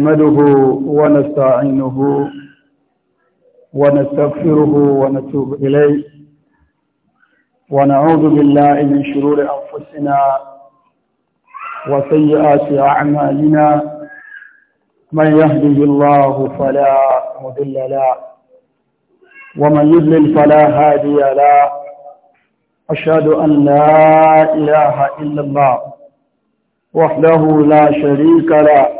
نحمده ونستعينه ونستغفره ونتوب إليه ونعوذ بالله من شرور أنفسنا وسيئات أعمالنا من يهده الله فلا مضل له ومن يضلل فلا هادي له أشهد أن لا إله إلا الله وحده لا شريك له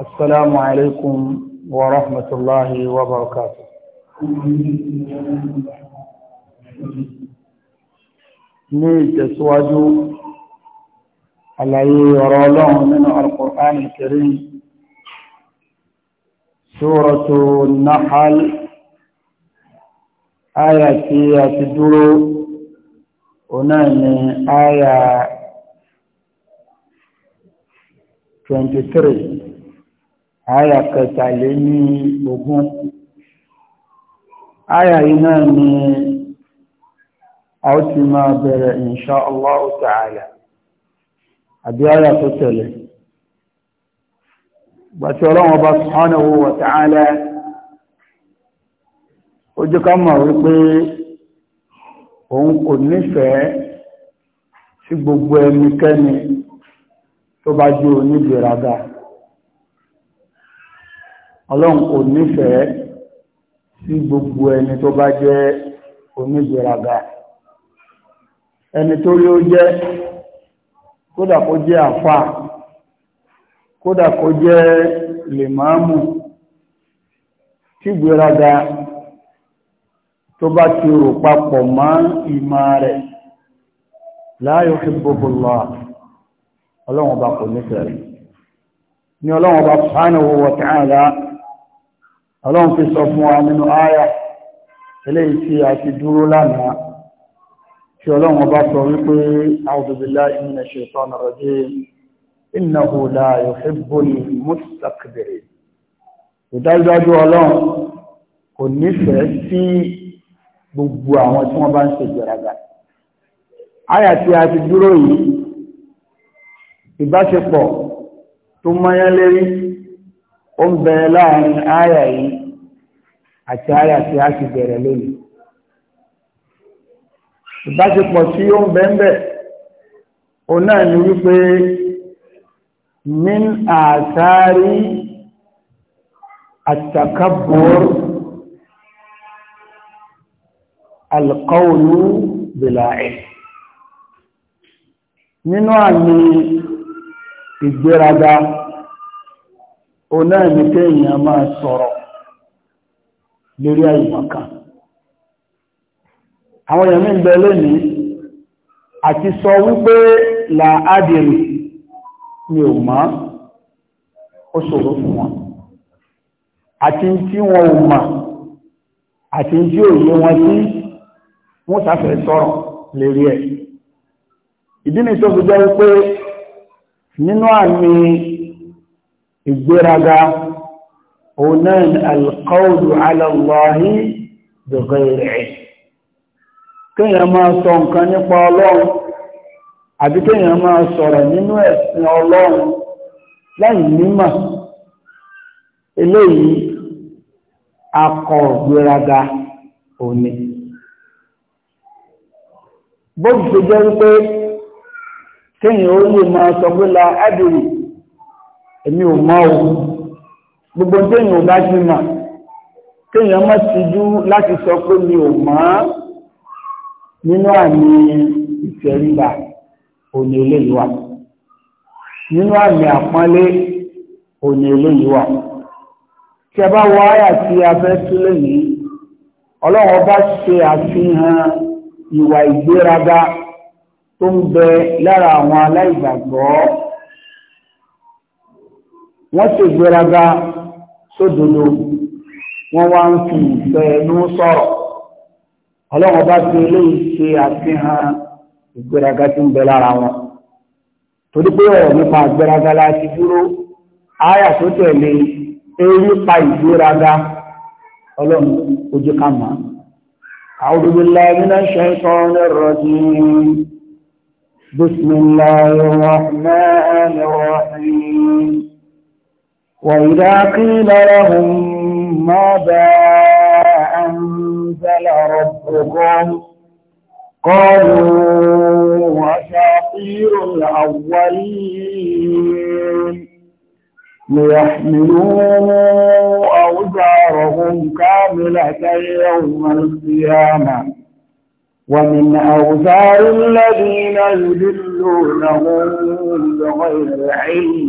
السلام عليكم ورحمة الله وبركاته ní ìtẹ̀síwájú àlàyé ọ̀rọ̀ ọlọ́run nínú Al-Qur'an Al-Karim Suratu An-Nahl áyà tí a ti dúró ọ̀nà ni áyà 23 àyà kẹtàlẹ́ ní ogún àyà iná ni a ó ti máa bẹ̀rẹ̀ insha Allah ta'ala àbí àyà tó tẹ̀lẹ̀ gbàtí ọlọ́run ọba subhanahu wa ta'ala ó jẹ́ ká mọ̀ wípé òun kò nífẹ̀ẹ́ sí gbogbo ẹnikẹ́ni tó bá jẹ́ onígbèrágà. ọlọ́run kò nífẹ̀ẹ́ sí gbogbo ẹni tó bá jẹ́ onígbéraga ẹni tó rí ó jẹ́ kódà kó jẹ́ àfà kódà kó jẹ́ lèmáàmù tí gbéraga tó bá ti rò papọ̀ mọ́ ìmọ̀ rẹ̀ la yuhibbuhu Allah ọlọ́run ọba kò nífẹ̀ẹ́ ni ọlọ́run ọba subhanahu wa ta'ala ọlọ́run fi sọ fún wa nínú àyà eléyìí tí a ti dúró lánàá tí ọlọ́run bá sọ wípé a'udhu billahi minash shaitanir rajim innahu la yuhibbul mustakbirin ìdájúdájú ọlọ́run kò nífẹ̀ẹ́ sí gbogbo àwọn tí wọ́n bá ń ṣe ìgbéraga àyà tí a ti dúró yìí ìbáṣepọ̀ tó mọ́yán ó ń bẹ̀rẹ̀ láàrin àyà yìí àti àyà tí a ti bẹ̀rẹ̀ lónìí ìbáṣepọ̀ tí ó ń bẹ́ńbẹ̀ òun náà ni wípé min àtàrí àtàkàbọ̀r alkọ́ọ̀lù bìláì nínú àmì ìgbéraga òun náà ní kéèyàn máa sọ̀rọ̀ lórí àìmọ̀kan àwọn èèyàn ń bẹ lónìí àti sọ wípé là ádìrì mi ò mọ̀ ó ṣòro fún wọn àti tí wọn ò mọ̀ àti tí ò yé wọn sí wọ́n sáfẹ́ sọ̀rọ̀ lérí ẹ̀ ìdí ni tó fi jẹ́ wípé nínú àmì ìgbéraga òun náà ni ala Allahi máa sọ nǹkan nípa ọlọ́run àbí kéèyàn máa sọ̀rọ̀ nínú ẹ̀sìn ọlọ́run láì nímọ̀ eléyìí akọ ìgbéraga òní bóbi ṣe jẹ́ wípé kéèyàn ó lè máa sọ pé èmi ò mọ̀ o gbogbo téèyàn ò bá ti mà kéèyàn má tijú láti sọ pé mi ò mọ̀ nínú àmì ìtẹríba òní eléyìí wà nínú àmì àpọ́nlé òní eléyìí wà tí a bá wọ àyà tí a fẹ́ tú lónìí ọlọ́run bá ṣe àfihàn ìwà ìgbéraga tó ń bẹ lára àwọn aláìgbàgbọ́ wọ́n ṣe ìgbéraga sódodo wọ́n wá ń fi ìfẹ́ ẹnu sọ̀rọ̀ ọlọ́run bá fi eléyìí ṣe àfihàn ìgbéraga tí ń bẹ lára wọn torí pé ọ̀rọ̀ nípa ìgbéraga la dúró àyà tó tẹ̀lé eré pa ọlọ́run ojú ká mọ̀ أعوذ بالله من الشيطان الرجيم بسم الله الرحمن الرحيم وإذا قيل لهم ماذا أنزل ربكم قالوا أساطير الأولين ليحملوا أوزارهم كاملة يوم القيامة ومن أوزار الذين يذلونهم بغير علم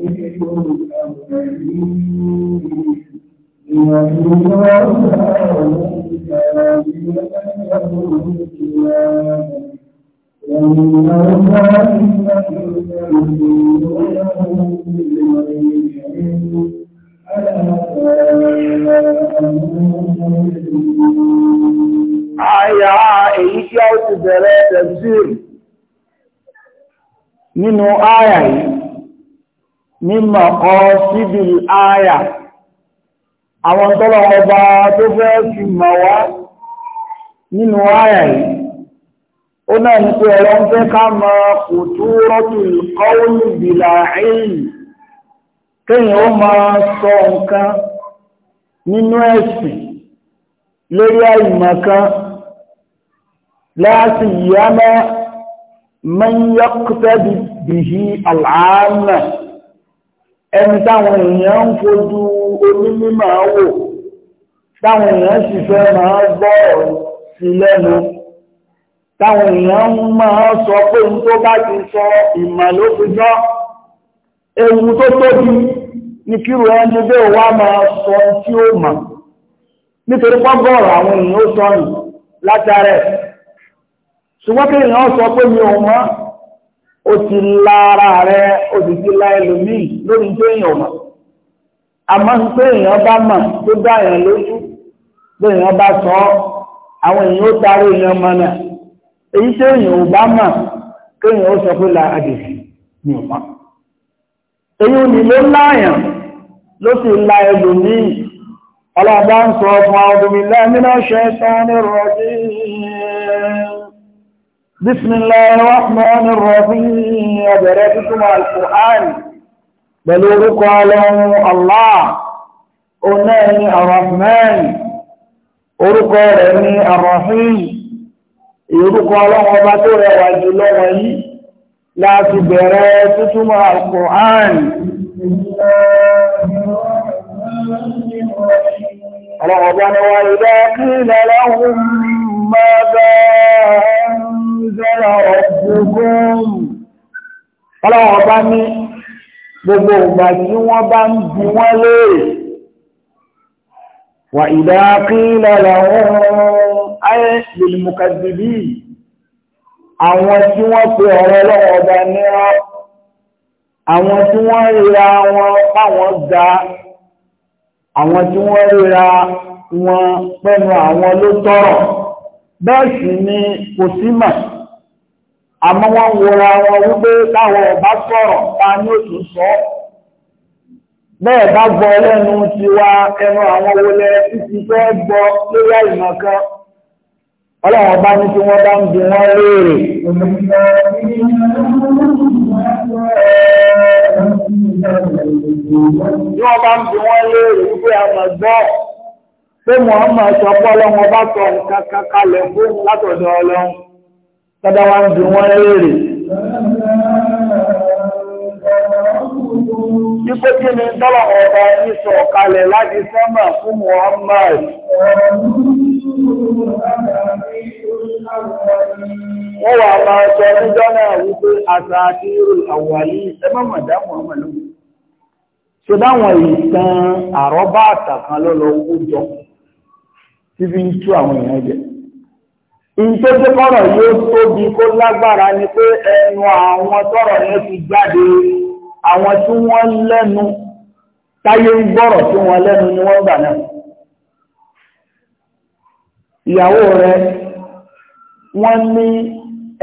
Àyà nínú àyà yìí mímọ̀ ọ síbi ààyà àwọn tọ́lọ ọba tó fẹ́ fi mọ̀ wá nínú ààyà yìí ó náà ní pé ọ̀rọ̀ ń fẹ́ ká mọ̀ kò rọ́tù ìkọ́wòlù bìlà ìlú kéyìn ó máa sọ nǹkan nínú ẹ̀sìn lórí àìmọ̀kan láti yàmọ́ mẹ́yọ́kútẹ́bì bìí àlàámẹ́ ẹni táwọn èèyàn ń fojú onímọ̀ wò táwọn èèyàn sì fẹ́ máa gbọ́ sí lẹ́nu táwọn èèyàn máa sọ pé ohun tó bá ti sọ ìmọ̀ ló fi jọ́ ewu tó tóbi ni kíru ẹni bẹ́ẹ̀ wá máa sọ tí ó mọ̀ nítorí pọ́gọ́rọ̀ àwọn èèyàn ó sọnù látàrẹ̀ ṣùgbọ́n kí èèyàn sọ pé mi ò mọ̀ ó ti lara ara rẹ̀ ó sì ti la ẹlòmíì lórí tó èèyàn mọ̀ àmọ́ tó èèyàn bá mọ̀ tó dá èèyàn lójú tó èèyàn bá sọ àwọn èèyàn ó tarí èèyàn mọ̀ náà èyí tó èèyàn ò bá mọ̀ kéèyàn ó sọ pé la àdìsí ni ò mọ̀ èyí ò ní ló بسم الله الرحمن الرحيم على القرآن بل علم الله أنني الرحمن أرقى الرحيم يرقى لهم وبطر رجل الله لا على القرآن الله أبان وإذا قيل لهم ماذا أنزل ربكم ọlọ́wọ́ bá ní gbogbo ìgbà tí wọ́n bá ń bi wọ́n léèrè wà ìdáàkílẹ̀ lọ́wọ́n ayé lèlùmùkàdìbí àwọn tí wọ́n pe ọ̀rọ̀ ọlọ́wọ́ bá ní ọ́ àwọn tí wọ́n ríra wọn páwọn ga àwọn tí wọ́n ríra wọn pẹ́nu àwọn ló tọrọ bẹ́ẹ̀ sì ni kò símọ̀ àmọ́ wọ́n wọ́ra wọn wípé táwọn ọba sọ̀rọ̀ ta ní òtù sọ bẹ́ẹ̀ bá gbọ́ lẹ́nu ti wá ẹnu àwọn wọlé títí fẹ́ gbọ́ lórí àìmọ̀ kan ọlọ́run ọba ní tí wọ́n bá ń bi wọ́n léèrè. bí wọ́n bá ń bi wọ́n léèrè wípé àmọ̀ gbọ́ pé Muhammad sọ pé ọlọ́run ọba sọ nǹkan kan kalẹ̀ fún látọ̀dọ̀ ọlọ́run tọ́bá wá ń bí wọ́n léèrè Ipé kí ni tọ́lọ̀ ọba ní sọ kalẹ̀ láti sọ́mà fún Muhammad. Wọ́n wà máa sọ ní Jọ́nà wípé àṣà àti irú àwàlí ẹgbẹ́ mọ̀dá Muhammad. Ṣe báwọn ìtàn àrọ́bá àtàkan lọ́lọ́ ó jọ, tí fi ń tú àwọn èèyàn ìjọba kọ́rọ̀ yóò tóbi kó lágbára ni pé ẹnu àwọn tọ́rọ̀ yẹn ti jáde àwọn tí wọ́n lẹ́nu táyé ń gbọ́rọ̀ tí wọ́n lẹ́nu ni wọ́n gbà náà ìyàwó rẹ̀ wọ́n ní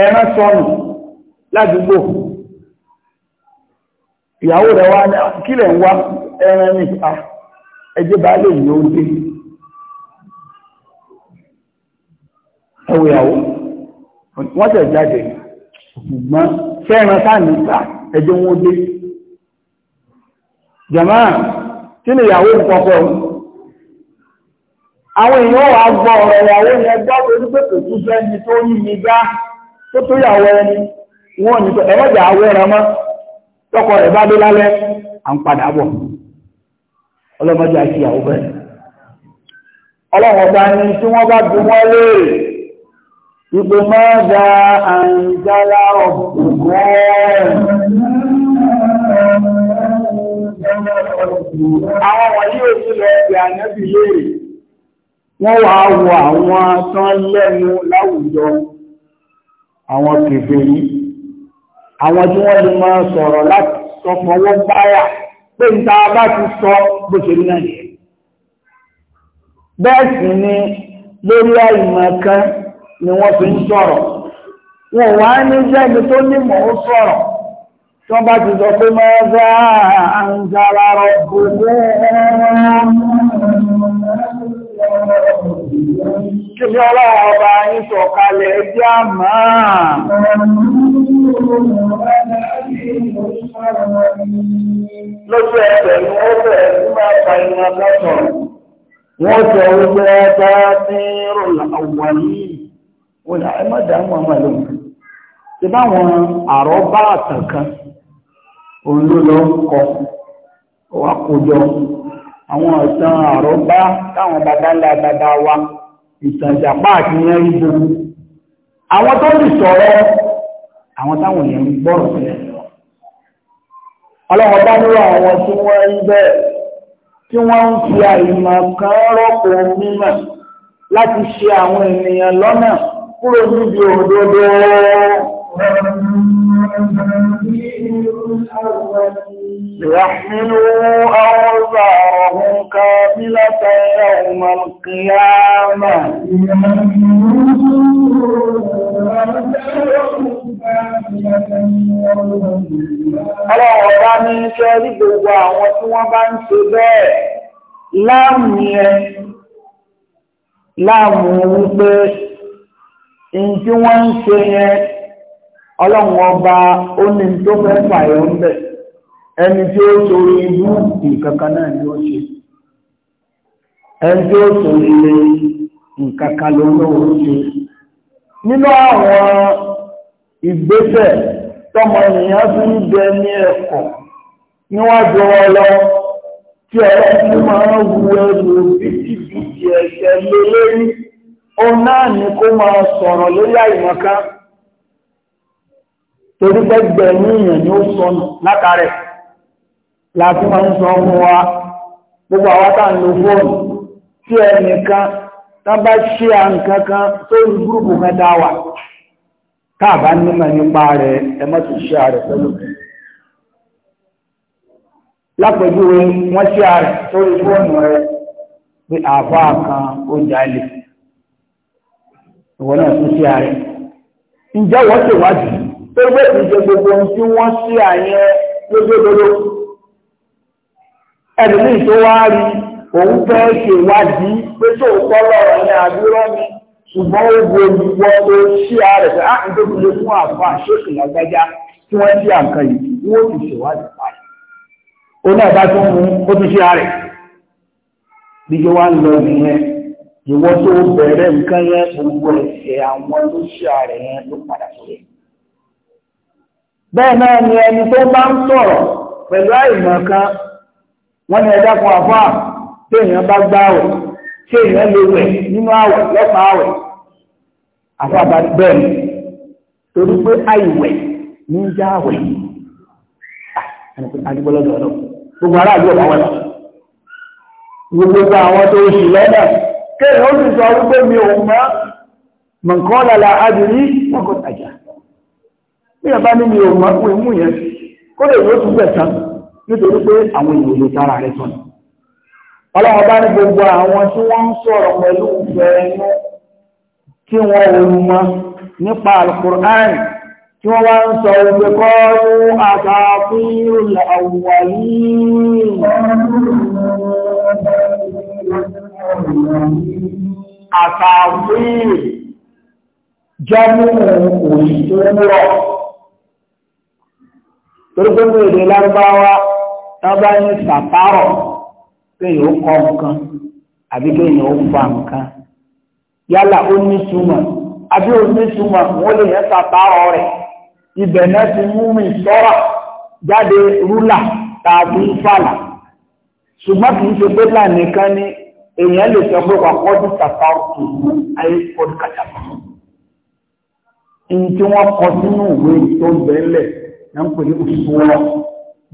ẹran sọnù ládùúgbò ìyàwó rẹ̀ wá kílẹ̀ ń wá ẹran ní ah, ẹjẹ́ bá lè yóò ẹwẹ̀yàwó wọ́n tẹ̀ jáde ṣùgbọ́n fẹ́ràn sáàmì ìta ẹjọ́ wọn dé jẹ̀mọ́ kí ni ìyàwó ìpọ̀pọ̀ àwọn èèyàn wà gbọ́ ọ̀rọ̀ ìyàwó ni ẹgbẹ́ tó yí mi tó tó yàwó ẹni wọ́n mọ́ rẹ̀ bá dé lálẹ́ à ń padà bọ̀ ọlọ́mọdé àti ìyàwó bẹ́ẹ̀ ọlọ́wọ́ bá ní tí Ibu mọ́dá àǹjálá ọ̀pùpọ̀ Àwọn wọ̀nyí òjú lọ ti ànẹ́bì léèrè, wọ́n wà wọ àwọn tán lẹ́nu láwùjọ àwọn kèfèrí. Àwọn tí wọ́n lè máa sọ̀rọ̀ láti sọ fọwọ́ báyà pé ń ta bá ti sọ bó ṣe náà. Bẹ́ẹ̀ sì ni lórí àìmọ̀ kan ni wọ́n fi ń sọ̀rọ̀ wọn wá ní sẹ́ni tó nímọ̀ ó sọ̀rọ̀ tí bá ti sọ pé máa bá àǹzara rọ̀ kò Kí ni ọlọ́wọ́ ọba yín sọ̀kalẹ̀ ẹjẹ́ àmà? Lójú ẹ̀sẹ̀ ni ó bẹ̀rẹ̀ sí máa fa ìrìn àkọ́sọ̀rọ̀. Wọ́n sọ wípé ẹgbẹ́ tí rò làwọ̀ yìí. wọ́n ní ẹmọ́dà wọn tí bá òun ló lọ kọ àwọn ọ̀sán àrọ bá káwọn bàbá ńlá bàbá wa ìtànjà ìjàpá àti àwọn tó lè sọ̀rọ̀ àwọn táwọn èèyàn ń gbọ́rọ̀ sílẹ̀ àwọn tí wọ́n ń kúrò níbi òdodo. ليحملوا أوزارهم كاملة يوم القيامة Ọlọ́run ọba ní iṣẹ́ rí gbogbo àwọn tí wọ́n bá ń ṣe bẹ́ẹ̀ láàmù yẹn láàmù wípé ìǹtí wọ́n ń ṣe yẹn ọba ó tó fẹ́ fàyọ̀ ń bẹ̀ ẹni tí ó sori ibú nǹkankan náà ni ó ṣe ẹni tí ó sori ilé nǹkankan ló ń lò ṣe nínú àwọn ìgbésẹ̀ tọmọ ènìyàn fi ń bẹ ní òun náà ni kó máa sọ̀rọ̀ lórí àìmọ̀ká torí gbẹ́gbẹ́ ní èèyàn ni ó sọnù látàrẹ̀ láti máa ń sọ fún wa gbogbo àwọn tá à ń lo fóònù tí ẹnìkan tá bá ṣe à nǹkan kan sórí gúrùpù kan dá wà tá a bá nímọ̀ nípa rẹ̀ ẹ má tún ṣe àrẹ̀ pẹ̀lú lápẹjúwe wọ́n ṣe àrẹ̀ sórí fóònù rẹ̀ pé àáfàá kan ó jalè ìwọ náà tún sí ààrẹ ǹjẹ́ wọ́n ṣèwádìí tó gbé ìjẹ gbogbo ohun tí wọ́n sí àyẹn lójódodo ẹlòmíì tó wá rí òun fẹ́ ṣèwádìí pé tó kọ́ lọ́rọ̀ ní àdúrọ́ ni ṣùgbọ́n ó wo ìwọ tó sí ààrẹ pé áà ah, nítorí lè fún àfà ṣèkì lágbájá tí wọ́n sí àǹkan yìí wọ́n ti ṣèwádìí parí ó náà bá tún mú ó ti ṣe ààrẹ bí ṣe wá ń lọ nìyẹn ìwọ tó bẹ̀rẹ̀ nǹkan yẹn gbogbo ẹ̀ṣẹ̀ àwọn tó ṣe ààrẹ yẹn ló padà sórí. bẹ́ẹ̀ náà ni ẹni tó bá ń sọ̀rọ̀ pẹ̀lú àìmọ̀ kan wọ́n ní ẹ̀dá kan àfọ́ tí èèyàn bá gbá àwẹ̀ tí èèyàn lè wẹ̀ nínú àwẹ̀ lọ́pàá àwẹ̀ àfọ́ àbárí bẹ́ẹ̀ ni torí pé àìwẹ̀ ní ń já àwẹ̀ àdúgbòlọ́dọ̀ ọ̀dọ̀ gbogbo aráàlú ọ̀dọ̀ àwọn gbogbo àwọn tó ń ṣì lọ́dọ̀ kéèrè ó sì sọ wípé mi ò mọ́ mọ̀kànlá láàájú ní ọgọ́tajà bí ọba ní mi ò mọ́ pé mú yẹn kó lè yóò tún gbẹ̀tàn nítorí pé àwọn èèyàn lè tara rẹ̀ tọ̀nà ọlọ́wọ́ bá ní gbogbo àwọn tí wọ́n ń sọ̀rọ̀ pẹ̀lú ìfẹ̀ẹ́nú tí wọ́n ò mọ̀ nípa alukur'an tí wọ́n wá ń sọ ìgbé kọ́rù àtàkùn ìrùlẹ̀ àwùwàlì àtàwé jẹ́mú òyì tó rọ̀. Torípépé èdè lágbáwá tábá ní sàtárọ̀ kéèyàn ó kọ nǹkan àbí kéèyàn ó fa nǹkan. Yálà ó ní túmọ̀ àbí ó ní túmọ̀ wọ́n lè yẹn sàtárọ̀ rẹ̀. Ibẹ̀ náà ti mú mi sọ́rọ̀ jáde rúlà tàbí fàlà èèyàn lè sọ pé wà kọ́dí kàtàkù ayé kọ́dí kàtàkù ní tí wọ́n kọ sínú ìwé tó ń bẹ̀ẹ́lẹ̀ na ń pè ní òṣùwọ́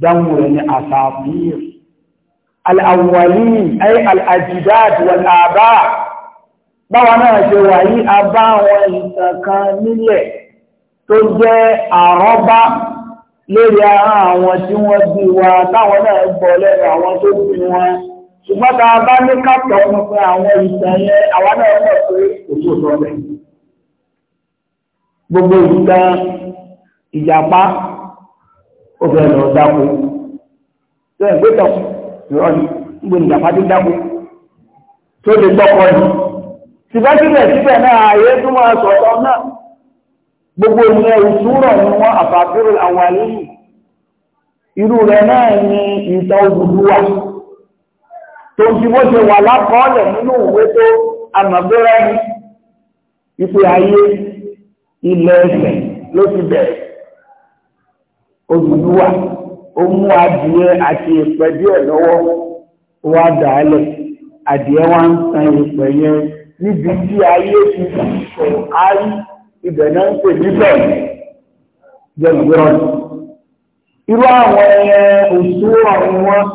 dáhùn rẹ̀ ní àsàfíìr al'awwali ayé al'ajidad wal'aba báwa náà ṣe wà yí a bá wọn ìtànkan nílẹ̀ tó jẹ́ àrọ́bá lórí àwọn tí wọ́n bí wa táwọn náà gbọ́ lẹ́nu àwọn tó bí wọn ṣùgbọ́n tá a bá ní káàtọ̀ fún àwọn ìtàn yẹn àwa náà mọ̀ pé kò tó sọ bẹ́ẹ̀. gbogbo ìtàn ìjàpá obìnrin lọ dáko tó ẹ̀ gbẹ́tọ̀ ìrọ̀ ni gbogbo ìjàpá ti dáko tó lè gbọ́kọ̀ ni. síbẹ̀síbẹ̀ síbẹ̀ náà ààyè tó máa sọ̀tọ̀ náà gbogbo ìyẹn ìṣúrọ̀ ni wọ́n àfàbírò àwọn àlejò irú rẹ̀ náà ni ìtàn òdùdú wa tó fi bó ṣe wà lákọọ́lẹ̀ nínú ìwé tó amàgbéra ẹni ìpè ayé ilẹ̀ ẹ̀sẹ̀ ló ti bẹ̀rẹ̀ olùdúwà ó mú adìẹ àti ìpẹ́ díẹ̀ lọ́wọ́ wá dàálẹ̀ adìẹ wá ń tan ìpẹ́ yẹn níbi tí ayé ti sọ áyí ibẹ̀ náà ń pè níbẹ̀ jẹ́ ìgbéró irú àwọn ẹ̀yẹ òṣùwọ̀n wọn.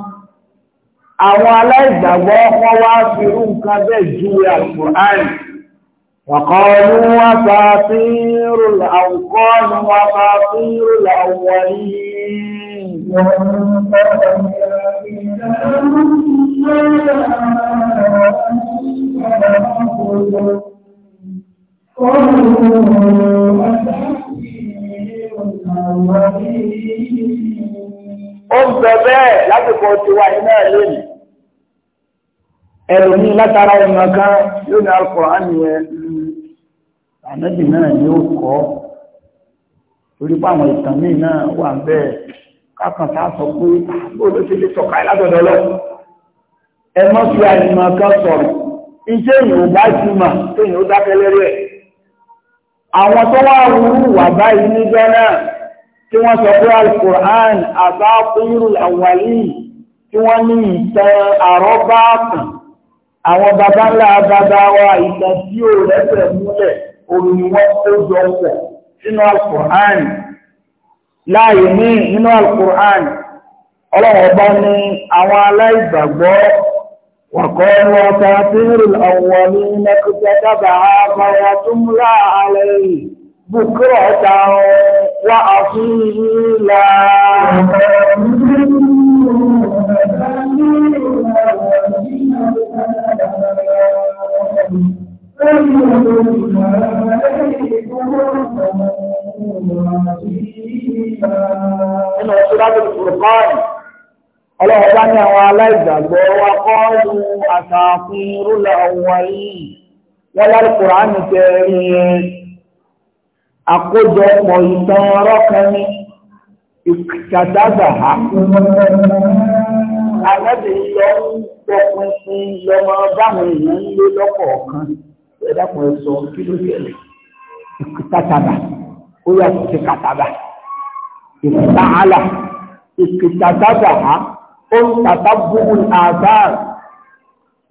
àwọn aláìgbàgbọ́ wọ́n wá fi rú nǹkan bẹ́ẹ̀ júwe Al-Qur'an wàkọ̀ọ̀lú wá bá fi rúlà àwùkọ́ọ̀lú O Ó ń bẹ bẹ́ẹ̀ iná lónìí. ẹlòmí látara ọmọ kan yóò ní Al-Qur'an yẹn ànábì náà ni ó kọ́ torí pé àwọn ìtàn míì náà wà sọ pé ah, ló ti lè lọ ẹ fi àyìnbó kan ti mà àwọn tó wà báyìí náà tí àwọn baba ńlá baba wa ìtàn tí ò rẹ́sẹ̀ múlẹ̀ òun ni wọ́n kó jọ pọ̀ nínú alukur'an láàyè ní nínú alukur'an ọlọ́run ọba ní àwọn aláìgbàgbọ́ وقالوا أساطير الأولين اكتتبها فهو تملى عليه Nínú ṣúrájú Fùrùkọ́ọ̀nì, ọlọ́wọ́ bá ní àwọn aláìgbàgbọ́ wa kọ́ọ̀lù àtàkùn rúlà ọ̀wà Wọ́n tẹ́rí àkójọpọ̀ ìtàn ha. ẹ̀dàkùn ẹ̀ sọ kí ló dé ẹ̀lẹ̀ ìkìtàtàbà ó yàtọ̀ sí kàtàbà ìkìtàhálà ìkìtàtàbà ha ó ń tàtà búrú àbá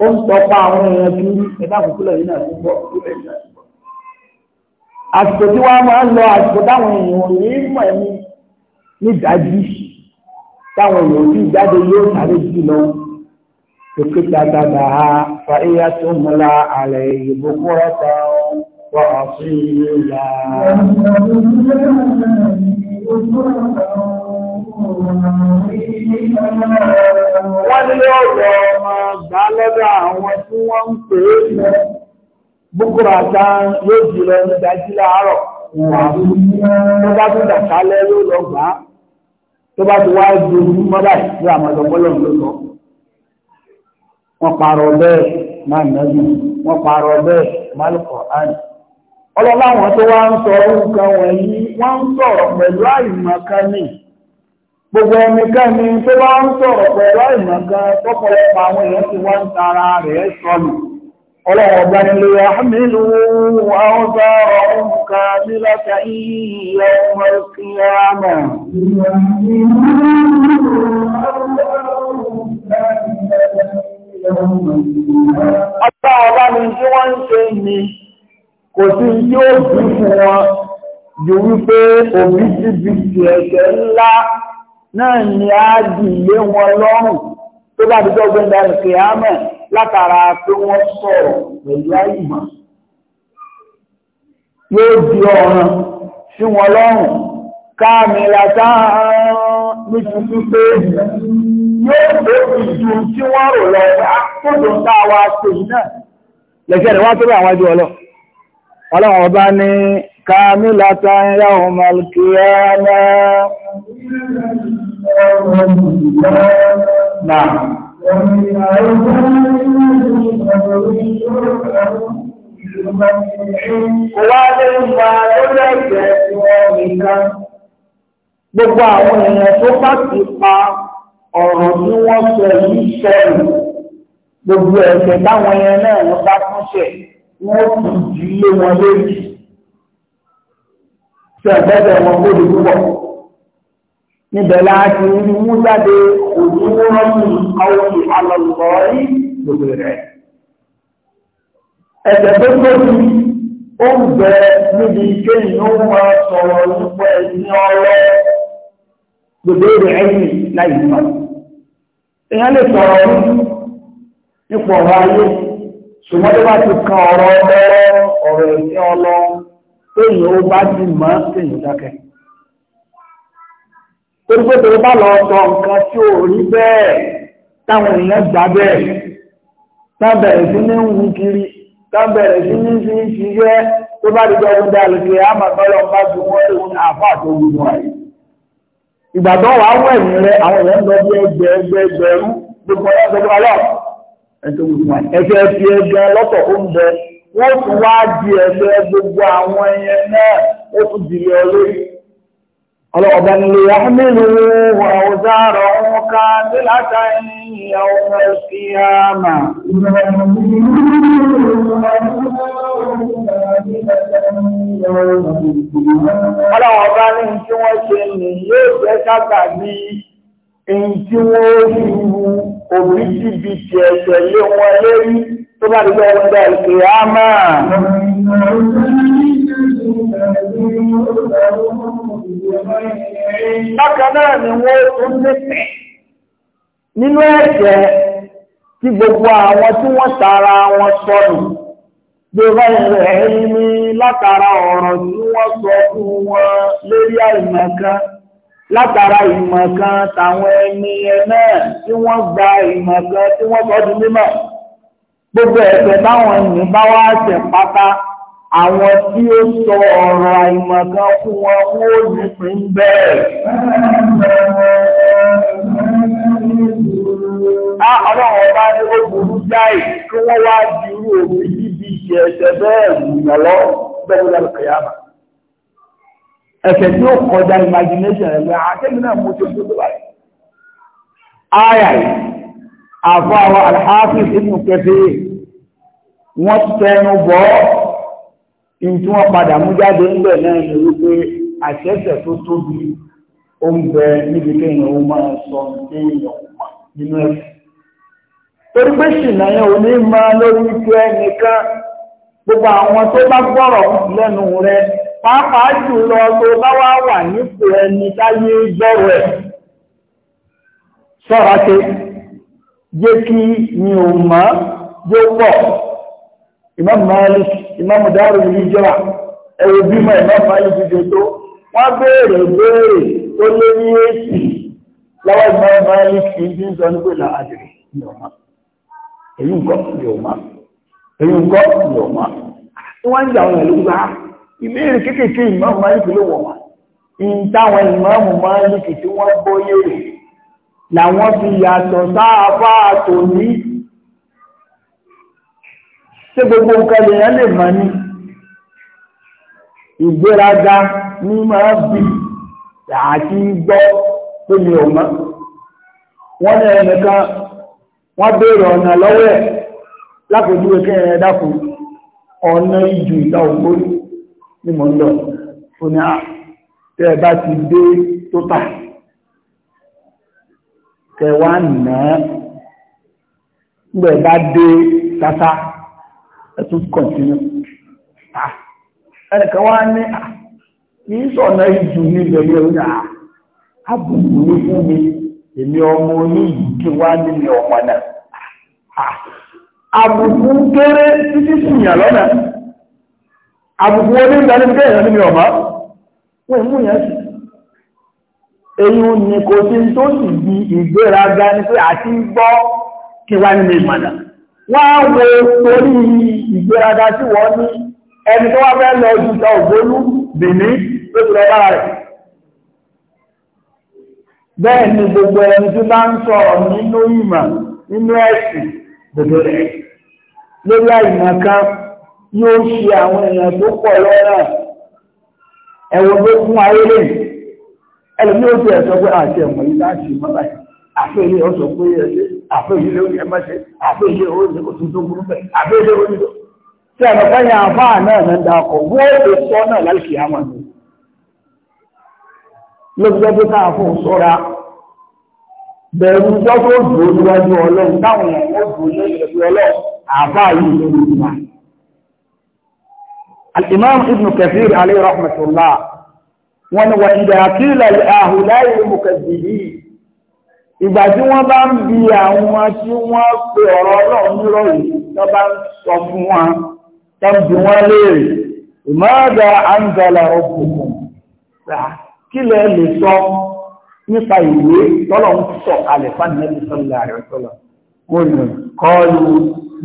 ó ń tọpa àwọn èèyàn kí ẹ̀dàkùn kúlẹ̀ yìí náà ti gbọ́ kúlẹ̀ yìí náà ti gbọ́. àsìkò tí wọ́n máa ń lọ àsìkò táwọn èèyàn ní mọ̀ ẹ̀mí nídàájú táwọn èèyàn ti jáde yóò sáré jù lọ. كتبها فهي تملى عليه بكرة وأصيلا wọ́n ní ọ̀rọ̀ ọmọ gbà lọ́dọ̀ àwọn tí wọ́n ń pè é lọ búkúrò àtà yóò jùlọ ní dájí láàárọ̀ tó bá tún dàkálẹ̀ yóò lọ gbà tó bá tún wá ju mọ́bàá ìgbé àmọ́dọ̀pọ́lọ̀ ló lọ. wọ́n parọ́ bẹ́ẹ̀ máa nàbí wọ́n parọ́ bẹ́ẹ̀ málùkọ̀ ánì ọlọ́láwọn tó wá ń sọ nǹkan wọ̀nyí wọ́n ń sọ̀rọ̀ pẹ̀lú àìmọ̀kánì gbogbo tó ń sọ̀rọ̀ pẹ̀lú tọ́pọ̀lọpọ̀ àwọn èèyàn ti wá ń tara rẹ̀ sọnù gbanilé Ọjọ́ ọba ni tí wọ́n ń ṣe ni kò sí yóò bí fún wọn jù wípé òbí ti bí ti ẹ̀ṣẹ̀ ńlá náà ni a dì lé wọn lọ́rùn tó bá dúdọ́ gbẹ́ndà ìpè ámẹ̀ látara pé wọ́n sọ̀rọ̀ pẹ̀lú àìmọ̀. Yóò di ọ̀ràn sí wọn lọ́rùn káàmì látàá ní yóò tóbi ju tí wọ́n rò lọ àkójọ tá a wá ṣe yìí náà. lẹ́sẹ̀ rẹ̀ wá tó bá àwọn ẹjọ́ ọlọ́ ọlọ́run ọba ní kàmílà táyà ọmọlùkìyà náà. Kò wá lè gba lórí ẹ̀jẹ̀ tí wọ́n nìkan. Gbogbo àwọn èèyàn tó bá ti pa ọ̀rọ̀ tí wọ́n sọ yìí sọ̀rọ̀ gbogbo ẹ̀ṣẹ̀ táwọn yẹn náà wọ́n bá túnṣẹ̀ wọ́n kì í ju ilé wọn lórí tí ọ̀gbẹ́bẹ̀ wọn kó lè púpọ̀ níbẹ̀ láti rí mú jáde òdúwọ́rọ́mù àwọn alọ́lọ́rí gbogbo rẹ̀ ẹ̀ṣẹ̀ tó tóbi ó ń bẹ níbi kéyìn ó máa sọ̀rọ̀ nípa ẹ̀sìn ọlọ́ gbogbo rẹ̀ ẹ̀yìn láì fàá èyàn lè sọ̀rọ̀ nípa ọ̀rọ̀ ayé ṣùgbọ́n tó bá ti kan ọ̀rọ̀ ọ̀rọ̀ ọ̀rọ̀ ẹ̀sìn ọlọ téèyàn ó bá ti mọ̀ téèyàn dákẹ́ torí pé tó bá lọ sọ nǹkan tí ò rí bẹ́ẹ̀ táwọn èèyàn gbà bẹ́ẹ̀ tábẹ̀rẹ̀ sí ní wù kiri tábẹ̀rẹ̀ sí ní fi ń ṣiṣẹ́ tó bá di gbọ́dọ̀ dá lè fi bá ju wọ́n lè wọ́n àfáà tó wù ìgbà tó wàá wọ ẹ̀yìn rẹ àwọn èèyàn lọ bí ẹgbẹ ẹgbẹ ẹgbẹ̀rún gbogbo ọlọ́run tó gbọ́dọ̀ ẹgbẹ́ ẹgbẹ́ lọ́tọ̀ ó wọ́n tún wá di ẹgbẹ́ gbogbo àwọn ẹyẹ náà ó tún di ilé ọlórí ọlọ́run bá nílé yàmílù ọ̀záàrọ̀ ọ̀hún ká ní látàrí ọ̀hún ẹ̀sìn àmà. Ọlọ́run ọba ní tí wọ́n ṣe ní yóò jẹ́ sábà ní èyí tí wọ́n rí wu òbí tí bí ti ẹ̀ṣẹ̀ lé wọn lérí tó bá dìgbà ẹgbẹ́ ìpè ámà. Bákan náà ni wọ́n tún nífẹ̀ẹ́ nínú ẹ̀ṣẹ̀ tí gbogbo àwọn tí wọ́n tara wọn sọnù. Gbogbo ẹ̀rẹ̀ ẹni látara ọ̀rọ̀ tí wọ́n sọ fún wọn lórí àìmọ̀kan, látara ìmọ̀kan tàwọn ẹni ẹ̀nà tí wọ́n gba ìmọ̀kan tí wọ́n sọ di mímọ̀. Gbogbo ẹ̀ṣẹ̀ táwọn ẹni bá wá ṣẹ̀ pátá, àwọn tí ó sọ ọ̀rọ̀ àìmọ̀kan fún wọn ó nípìn bẹ́ẹ̀. Ah, Ọlọ́run ọba ní ó burú jáì kí wọ́n wá dirú òbí fi ìṣẹ́ ẹ̀ṣẹ̀ bẹ́ẹ̀ rùyàn lọ bẹ́ẹ̀ lọ́dọ̀ kẹyàmà ẹ̀ṣẹ̀ tí ó kọjá imagination ẹ̀lẹ́ àtẹ́mi ah, náà mú tó tó báyìí ayà yìí àfáwà alhafiz inú kẹfẹ́ wọ́n tẹnu bọ́ in tí wọ́n padà mú jáde ńbẹ̀ náà ní wípé àṣẹ́ṣẹ̀ tó tóbi ó ń bẹ níbi kéèyàn ó máa sọ kéèyàn nínú ẹ̀sìn torí pé ṣìnà yẹn ò ní máa lórí ju ẹnìkan gbogbo àwọn tó bá gbọ́rọ̀ lẹ́nu rẹ pàápàá jùlọ tó bá wá wà nípò ẹni táyé gbọ́rọ̀ ẹ̀ sọ́ra ṣe jẹ́ kí mi ò mọ́ yóò pọ̀ Imam Malik Imam Darul Hijra to bímọ Imam Malik jùjọ tó wọ́n béèrè béèrè tó lé ní èsì lọ́wọ́ èyí ń kọ́ mi ò mọ̀ èyí ń kọ́ mi ò mọ̀ tí wọ́n ń jà àwọn ìlú gbà ìbéèrè kéékèèké ìmáàmù Málíkì ló wọ̀ wọ́n ń táwọn ìmáàmù Málíkì tí wọ́n bóyé rè làwọn fi yàtọ̀ sáàfà tòní ṣé gbogbo nǹkan lèèyàn lè mọ̀ ni ìgbéraga ní máa bì àti gbọ́ pé mi ò mọ̀ ní ẹnìkan wọ́n béèrè ọ̀nà lọ́wọ́ ẹ̀ lápòjú ẹ̀kẹ́ ẹ̀ dákun ọ̀nà ìjù ìta ògbórí ní mọ̀ fún ní ti dé tó tà tẹ nà án gbẹ̀ dé sásá ẹ̀tún kọ̀tínú ah, ẹnìkan wá ní ah, ní sọ̀nà ìjù ní ìbẹ̀rẹ̀ èmi ọmọ yìí kí wá nílé ọmọ náà àbùkù kéré títí sùnyà lọ́nà àbùkù orí ìdánilẹ́gbẹ́ èèyàn nílé ọmọ wọ́n mú yẹn sí èyí ni kò sí tó sì di ìgbéraga ní pé àti gbọ́ kí wá nílé ìmọ̀nà wọ́n á wo torí ìgbéraga tí wọ́n ní ẹni tó wá fẹ́ lọ ju ìta ògbólú bìní tó ti lọ bára rẹ̀ bẹ́ẹ̀ ni gbogbo ẹni tí bá ń sọ̀rọ̀ nínú ìmọ̀ nínú ẹ̀sìn gbogbo rẹ̀ lórí àìmọ̀ kan yóò ṣe àwọn èèyàn tó pọ̀ lọ́rọ̀ ẹ̀wọ̀n tó fún ayé ẹlòmí ó ti pé àti ẹ̀mọ̀ yìí láti ọ̀sọ̀ pé ẹ̀ṣẹ́ lọ́gbẹ́gbẹ́ káà fún sọ́ra bẹ̀rù jọ́gbọ́ òjò níwájú ọlọ́run táwọn ọmọ òjò lẹ́yìn ọlọ́run àáfàá yìí lórí ìgbà al-imam ibn kathir alayhi rahmatullah wọn wà ìdá kílẹ̀ àhùláyé mùkàdìdì ìgbà tí wọ́n bá ń bi àwọn tí wọ́n pe ọ̀rọ̀ ọlọ́run nírọ̀ kí lẹ lè sọ nípa ìwé tọ́lọ̀ ń sọ kalẹ̀ fánilẹ́bí sọ́lá rẹ̀ sọ́lá kọlù kọlù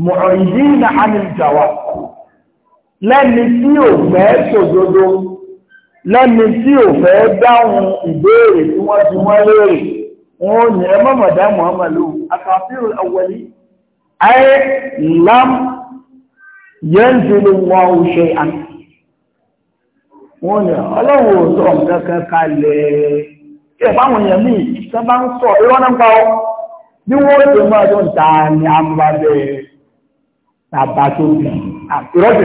mọ̀rìndí na anìjàwà lẹ́ni tí ò fẹ́ ṣòdodo lẹ́ni tí ò fẹ́ dáhùn ìbéèrè tí wọ́n ti wọ́n wọ́n ní ọlọ́wọ́ sọ kalẹ̀ tí ẹ̀fà àwọn èèyàn míì tó bá ọ bí wọ́n máa ta ni a tàbá tó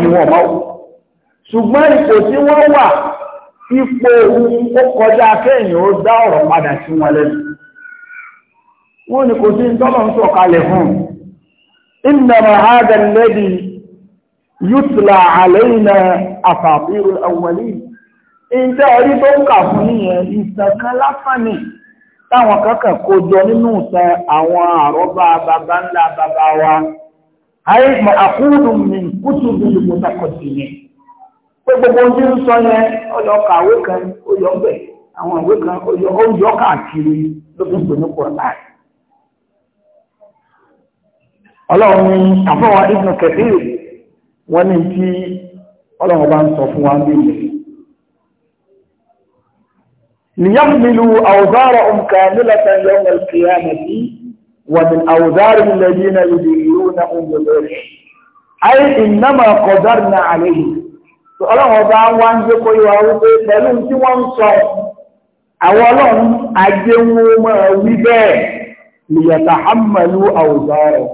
ni wọ́n bá wù ṣùgbọ́n ipò tí wọ́n wà ipò ó kọjá kéèyàn ó dá ọ̀rọ̀ padà sí wọn lẹ́nu wọ́n ní kò sí tọ́lọ̀ ń sọ kalẹ̀ fún Ìjẹ́ orí tó ń kà fún ìyẹn ìtàn kan lásán ni táwọn kankan kó jọ nínú ìtàn àwọn àrọ́bá bàbá ńlá bàbá wa. Ayé mọ̀ àkúrù mi kútù bí i mọ́tàkọ̀tì yẹn. Pé gbogbo ojú ń sọ yẹn, ó yọ kàwé kan, ó yọ bẹ̀. Àwọn ìwé kan, ó yọ káàkiri lókùn pè ní Kùrọ̀lá. Ọlọ́run ni àfọwọ́ ìgbọ̀n kẹ̀kẹ́ wọn ni tí Ọlọ́run bá ń sọ fún wa nílẹ̀. ليحملوا أوزارهم كاملة يوم القيامة ومن أوزار الذين يدينونهم بغير أي إنما قدرنا عليه Ọlọ́run ọba wá ń jẹ́ kó yíwa wípé pẹ̀lú tí wọ́n ń sọ àwọn ọlọ́run ajé wọn máa wí bẹ́ẹ̀ lèyàtà hàmàlú àwùjọ ọ̀rọ̀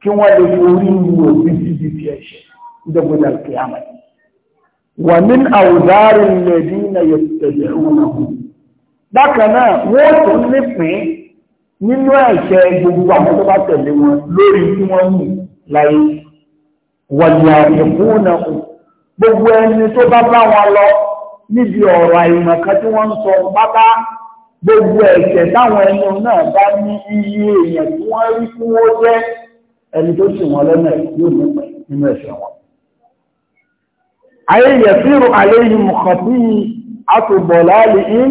kí wọ́n lè fi orí ìlú òbí sí ibi ẹ̀ṣẹ̀ ìjọba ìdàkẹ́ àmàlẹ́ wàmín àwùdárin lẹ́bí na yẹ̀tẹ̀lẹ̀ òunàkùn bákanáà wọ́n tó nípìn nínú ẹ̀ṣẹ̀ gbogbo àwọn tó bá tẹ̀lé wọn lórí tí wọ́n mú láyé wàlẹ̀ àyẹ̀kúnàkùn gbogbo ẹni tó bá bá wọn lọ níbi ọ̀rọ̀ àìmọ̀kan tí wọ́n ń sọ pátá gbogbo ẹ̀ṣẹ̀ táwọn ẹni náà bá ní iye èèyàn tí wọ́n rí fún wọn jẹ́ ẹni tó sì wọn lọ́nà yóò nípa nínú ẹ̀ṣẹ̀ wọn ayé yẹ̀sírù àléyìn mọ̀kàtí àtùbọ̀láàlì in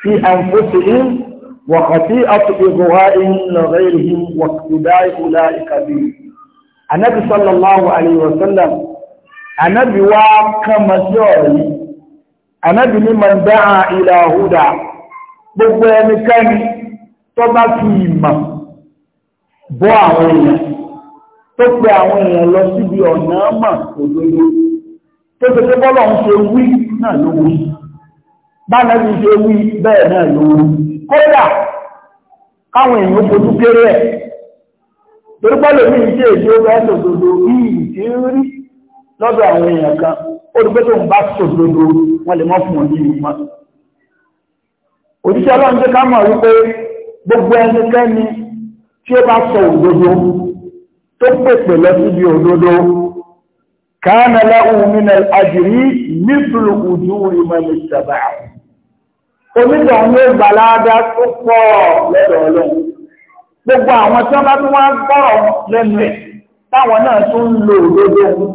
fi àǹfóṣe in wọ̀kàtí àtùbọ̀wá in lọ́rẹ́ ìrìn wọ̀kùdá ìkùlá ìkàbí anábi sallallahu alayhi wa sallam anábi wá kama sí ọ̀rí anábi ní man dáa ila huda gbogbo ẹnikẹ́ni tó bá fi ìmọ̀ bọ́ àwọn èèyàn tó pe àwọn èèyàn lọ síbi ọ̀nà mọ̀ òdodo tó ṣe pé bọ́lọ̀ ń ṣe wí náà ló wí bánẹ́bí ṣe wí bẹ́ẹ̀ náà ló wí káwọn èèyàn fojú kéré ẹ̀ èdè ó bẹ́ẹ̀ yìí tí ń rí lọ́dọ̀ àwọn èèyàn kan ó rí pé tó ń bá gbogbo ẹnikẹ́ni tí ó bá sọ òdodo tó pèpè كان له من الأجر مثل أجور من اتبعه onídọ̀ ní ìgbàládá tó pọ̀ lọ́dọ̀ ọlọ́run gbogbo àwọn tí wọ́n bá tún wá gbọ́rọ̀ lẹ́nu ẹ̀ táwọn náà tún ń lò lódogun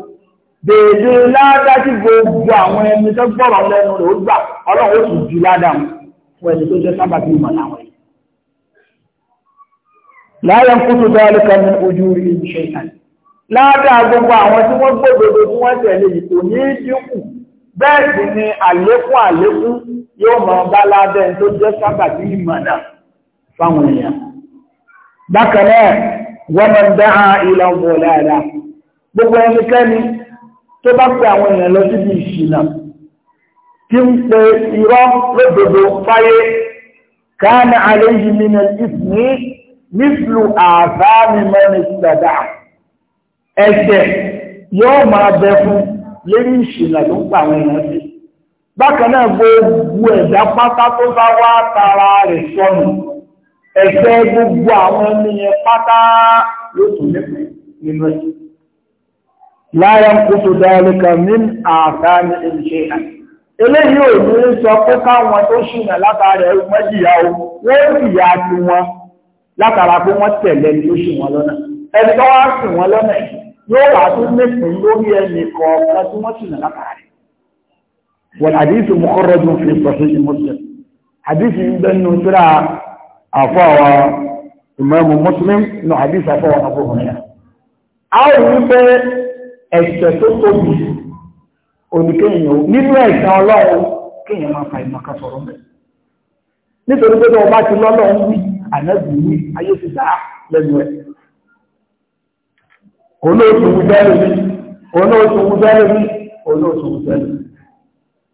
dèédé ládá tí gbogbo àwọn ẹni tó gbọ́rọ̀ lẹ́nu rẹ̀ ó gbà ọlọ́run ó sì ju ládá fún ẹni tó jẹ́ sábà bí mọ̀ láwọn ẹ̀ láyé kútu dáálé ní ojú rí iṣẹ́ ládàá gbogbo àwọn tí wọ́n gbódodo tí wọ́n tẹ̀lé yìí kò ní dínkù bẹ́ẹ̀ sì ni àlékún àlékún yóò máa bá lábẹ́ tó jẹ́ sábàbí ìmọ̀nà fáwọn èèyàn. bákan náà wọ́n máa ń dá ilẹ̀ ọ̀bọ̀ dáadáa gbogbo ẹnikẹ́ni tó bá pe àwọn èèyàn lọ síbi ìṣìnà tí ń pe irọ́ lódodo fáyé káàní àléyìn mi ní ìsìn ní nífìlù àbá mọ́ni sàdáà ẹsẹ̀ yóò máa bẹ fún lérí ìṣìnà tó ń pa àwọn èèyàn sí bákan náà gbogbo ẹ̀dá pátá tó bá wá tara rẹ̀ sọnù ẹsẹ̀ gbogbo àwọn ẹni yẹn pátá yóò tún lẹ́pẹ́ nínú ẹ̀ láyé kótó dáríkà ní àtàrí ìṣẹ́ eléyìí ò ní sọ pé káwọn tó ṣìnà látara ẹ̀rù mọ́jìyà o wọ́n ìyá ti wọn látara pé wọ́n tẹ̀lé ní ó wọn lọ́nà ẹni tó wá sì wọn lọ́nà yìí yóò wà tó mẹ́sìn lórí ẹnì kọ̀ọ̀kan tí wọ́n sì nà látàrí. wọ́n àdéhùn mọ́kọ́rọ́dún fi sọ̀rọ̀ ní Muslim àdéhùn ń bẹ́nu síra àfọ́ àwọn Muslim nù àdéhùn àfọ́ àwọn rẹ̀. a olóòtú otu mi ri wùsẹ́lẹ̀ otu olóòtú ri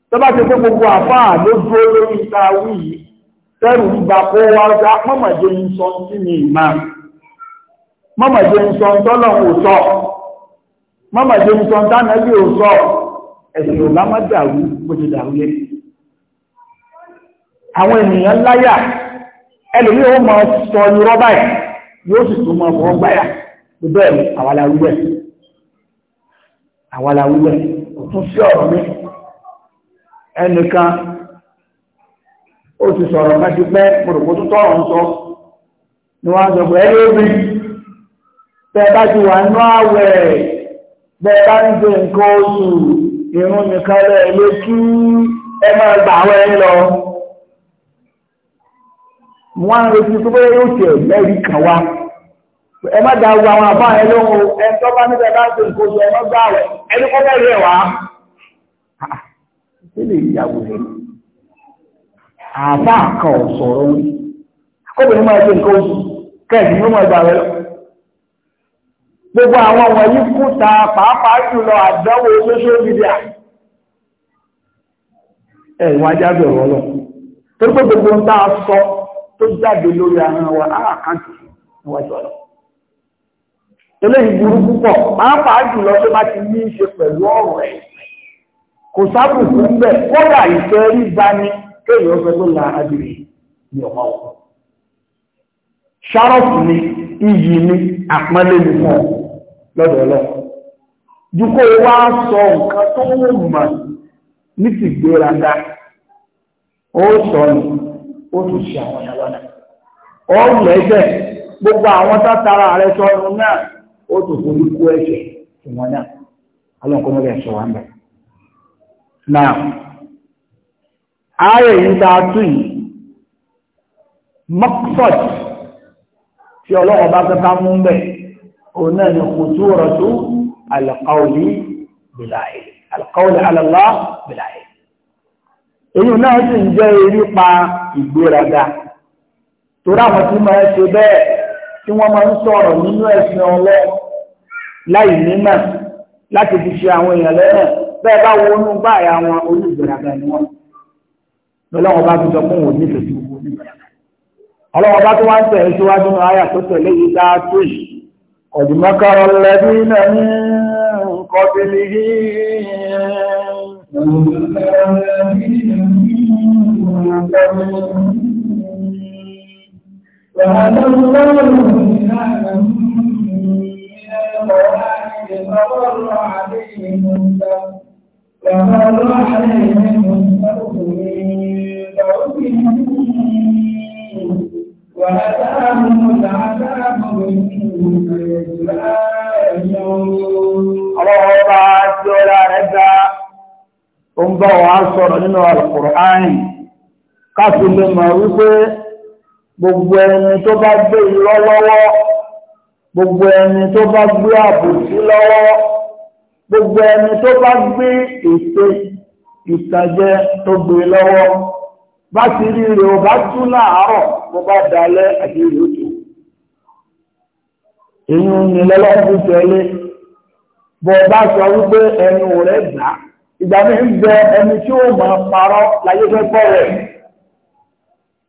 tó bá ti gbogbo àfáà ló dúró lórí ìta wí yìí tẹ́rù gbà kó wá ọjà mọ́mọ̀jẹ́ ń sọ sí ìmá mọ́mọ̀jẹ́ àwọn ènìyàn sọ yóò sì bẹ́ẹ̀ ni àwàláwúwẹ̀ àwàláwúwẹ̀ òtún sí ọ̀rọ̀ mi ẹnìkan ó ti sọ̀rọ̀ kájú pẹ́ mọ̀rọ̀kó tó tọ́rọ̀ ń sọ ni wọ́n sọ pé ẹ̀rọ mi tẹ bá ti wà nú àwẹ̀ bẹ bá ń ṣe nǹkan oṣù ìrún nìkan lẹ lé kí ẹ máa gbà wẹ́ lọ wọ́n á retí tó bẹ́ẹ̀ yóò tẹ̀ lẹ́rìí kan wá ẹ má da gbogbo àwọn àbá ẹ lóhun ẹ tó bá níbẹ̀ bá ṣe nǹkan oṣù ẹ má gbà rẹ̀ ẹni kọ́ bẹ́ẹ̀ rẹ̀ wá. ṣé lè yàwó rẹ̀ àbá kan ò sọ̀rọ̀ wọn kóbìnrin máa ṣe nǹkan oṣù kẹ́ẹ̀sì ló máa gbà rẹ̀ lọ. gbogbo àwọn wọ̀nyí kú ta pàápàá jùlọ àdánwò social media ẹ̀ wọ́n ajá bẹ̀rù ọlọ́ torí pé gbogbo ń tá a sọ tó jáde lórí ahọ́n wa á àkáǹtì eléyìí burú púpọ̀ máa ń pàá jùlọ tó bá ti ní ṣe pẹ̀lú ọ̀rọ̀ ẹ̀ kò sábùkù ń bẹ̀ kódà ìfẹ́ rí dání kéèyàn tó la ní ọmọ ṣárọ̀fù ni iyì ni àpọ́nlé ni fún ọ lọ́dọ̀ ọlọ́ sọ nǹkan tó ń ní ti gbéraga ó sọ ni ó tún ṣe àwọn ìyàwó náà gbogbo àwọn tátara ó tún fojú kó ẹ̀ṣẹ̀ tí wọ́n náà ọlọ́nkọ́ mọ́lẹ̀ ẹ̀ṣọ́ wa ń Now, ààrẹ yìí ndị tú yìí, tí ọlọ́wọ́ bá mú ń bẹ̀, òun náà ni kò tú ọ̀rọ̀ tó alqawli bìláì, alqawli na-enye bìláì. Èyí náà sì ń jẹ́ erí pa ìgbéraga, torí tí tí wọ́n máa ń sọ̀rọ̀ nínú ẹ̀sìn ọlọ́ láì nímọ̀ láti fi ṣe àwọn èèyàn lẹ́nà bẹ́ẹ̀ bá wo inú báyà wọn olùgbèrágà ni wọ́n lọ́wọ́ bá fi sọ fún òun nífẹ̀ẹ́ sí gbogbo ọlọ́wọ́ bá tó wá ń tẹ̀lé síwájú náà ayà tó tẹ̀lé yìí dá tó yìí ọ̀dùnmọ́kọ́rọ̀ lẹ́bí náà ní nǹkan ti lè rí ọ̀dùnmọ́kọ́rọ̀ وعلى الله نعلم من القواعد فضل عليهم الدم فضل عليهم الدم من فوقهم وأتاهم العذاب من Ọlọ́run ọba tí ó lára ẹgbá ó ń bá wa sọ̀rọ̀ nínú Al-Qur'ani, káfí lè mọ̀ wípé gbogbo ẹni tó bá gbé irọ́ lọ́wọ́ gbogbo ẹni tó bá gbé àbòsí lọ́wọ́ gbogbo ẹni tó bá gbé ète ìtàjẹ tó gbé lọ́wọ́ bá ti rí rẹ̀ ò bá tún láàárọ̀ bó bá dalẹ̀ àti rí òtò èyí ni lọ́lọ́run tẹ̀lé bọ̀ bá sọ wípé ẹnu rẹ̀ gbà ìgbà mi ń bẹ ẹni tí ó máa parọ́ láyé fẹ́ pọ̀ rẹ̀.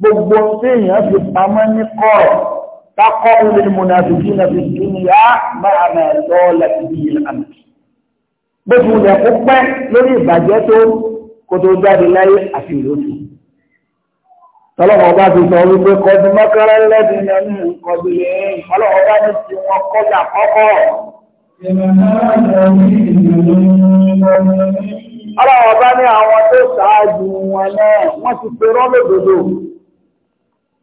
gbogbo tí èèyàn fi pamọ́ ní kọ́ọ̀ tákọ́ ilé ni mùnàfíkì náà fi kí ni yá máa máa lọ láti bí ìlànà gbogbo ilẹ̀ kó pẹ́ lórí ìbàjẹ́ tó kó tó jáde láyé àti ìlótú tọ́lọ́mọ bá ti sọ wípé kọjú mọ́kànlá lẹ́bi nínú kọjú yẹn ọlọ́mọ bá ní ti wọn kọjá kọ́kọ́ ọlọ́mọ bá ní àwọn tó ṣáájú wọn náà wọ́n ti pe rọ́lódodo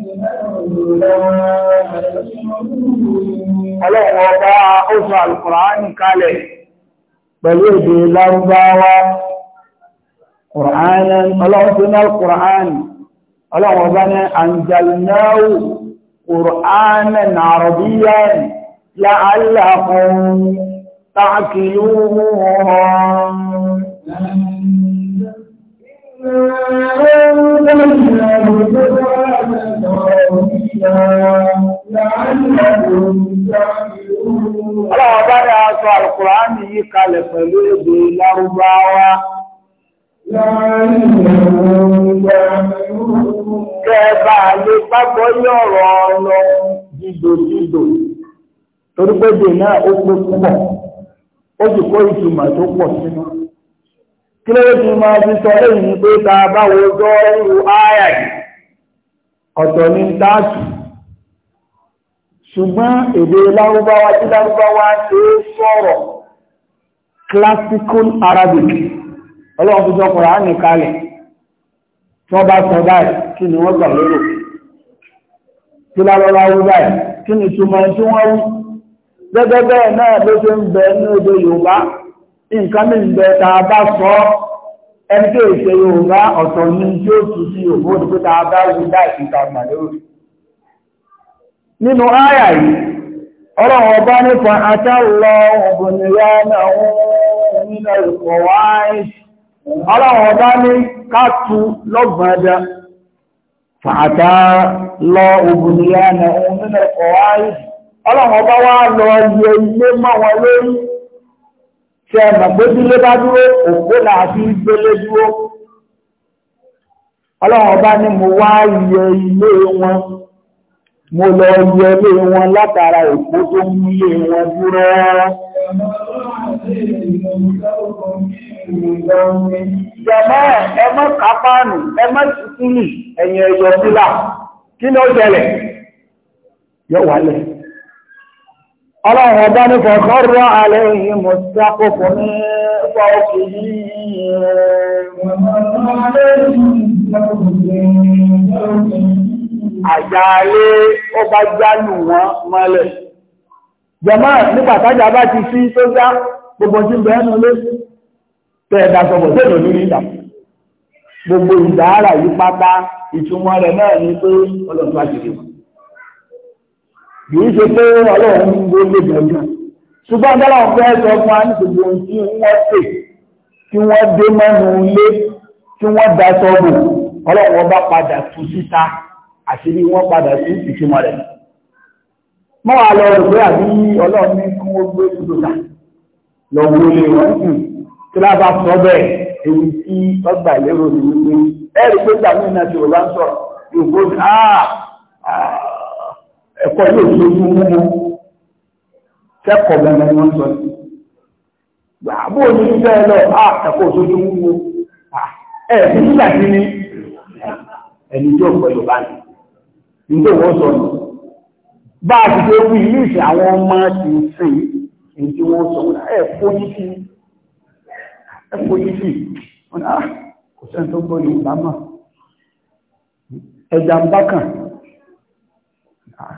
Ọlọ́run ọba ó sọ Al-Qur'ani kalẹ̀ pẹ̀lú èdè Lárúbáwá. Qur'ani, ọlọ́run tó náà Qur'ani, ọlọ́run ọba ní Anjalnáwò, Qur'ani na Arabiyyan la'allakum ta'qilun. Thank you. Ọlọ́wọ́ bá dá sọ Alkùránì yí kalẹ̀ pẹ̀lú èdè Lárúbáwá. Kẹba lè pápọ̀ yọ̀rọ̀ lọ jìdòjìdò, torí pé dè náà ó pé púpọ̀, ó sì kó ìtumọ̀ tó pọ̀ sínú. Kí ló ti máa fi sọ lẹ́yìn pé ta báwo jọ irú ọ̀tọ̀ ni ṣùgbọ́n èdè lárúbáwá tí lárúbáwá ṣe é sọ̀rọ̀ classical arabic ọlọ́run fi jọkùnrin á kí ni wọ́n gbà lérò tí lárúbáwá wí kí ni túmọ̀ tí wọ́n wí gẹ́gẹ́ bẹ́ẹ̀ náà ló ṣe ń bẹ ní èdè yorùbá sọ ẹni tí yorùbá ọ̀tọ̀ ni tí ó tù sí yorùbá tá a bá nínú áyà yìí ọlọ́run ọba nípa àtàlọ́ òbònìyà náà nínú ìkọ̀ wáyé ọlọ́run ọba ní kátù lọ́gbọ̀nda fàtà lọ òbònìyà náà nínú ìkọ̀ wáyé ọlọ́run ọba wá lọ ilé mọ́ wọn lórí mo lọ yẹ lé wọn látara òpó tó ń lé wọn dúró. Jọ̀mọ́ ẹ mọ́ kápánù, ẹ mọ́ títúlì, ẹ̀yìn ẹ̀yọ̀ sílà, kí ló jẹlẹ̀? Yọ wálẹ̀. Ọlọ́run ọba ní fọ̀kọ́rọ̀ alẹ́ yìí mọ̀ sí àkókò ní ọ̀pọ̀ òkè yìí. Wọ̀n àjàalé ó bá jálù wọn mọ́lẹ̀. jẹmọ́ nípa tájà bá ti sí tó já gbogbo tí ń bẹ̀ẹ́nu lé tẹ́ẹ̀dà sọ̀bọ̀ tẹ́lò lórí ìdà gbogbo ìdára yìí pátá ìtumọ̀ rẹ̀ náà ni pé ọlọ́run bá jèrè wọn kìí ṣe pé ọlọ́run ń gbé lébẹ̀ ọjọ́ ṣùgbọ́n dára ọ̀fẹ́ ẹ̀sọ́ fún wa ní gbogbo ohun tí wọ́n pè kí wọ́n dé mọ́nu ilé kí ọba padà tú síta àṣírí wọ́n padà sí ìtumọ̀ rẹ̀. Mọ́ wà lọ rẹ̀ pé àbí ọlọ́run ní kún ó gbé ìdòdà lọ wo lè wọ́n kù tí lábá sọ bẹ́ẹ̀ èyí tí ọgbà lérò ní wípé ẹ̀rí pé gbàmí náà ti wọ́n sọ̀rọ̀ yóò ẹ̀kọ́ yóò tó tún mú mú kẹ́kọ̀ọ́ bẹ̀rẹ̀ ni wọ́n sọ sí. Gbàgbó ní fífẹ́ lọ ẹ̀kọ́ tó ẹni tí ó pẹ̀lú báyìí nígbà wọ́n sọ ní bá a ti tó wí ilé ìṣẹ́ àwọn ọmọ ti sìn ní tí wọ́n sọ wọn ẹ̀ fóyí sí ẹ̀ fóyí sí wọn á ah, kò sẹ́ni tó gbọ́ Yorùbá mọ̀ ẹja ń bá kàn ah,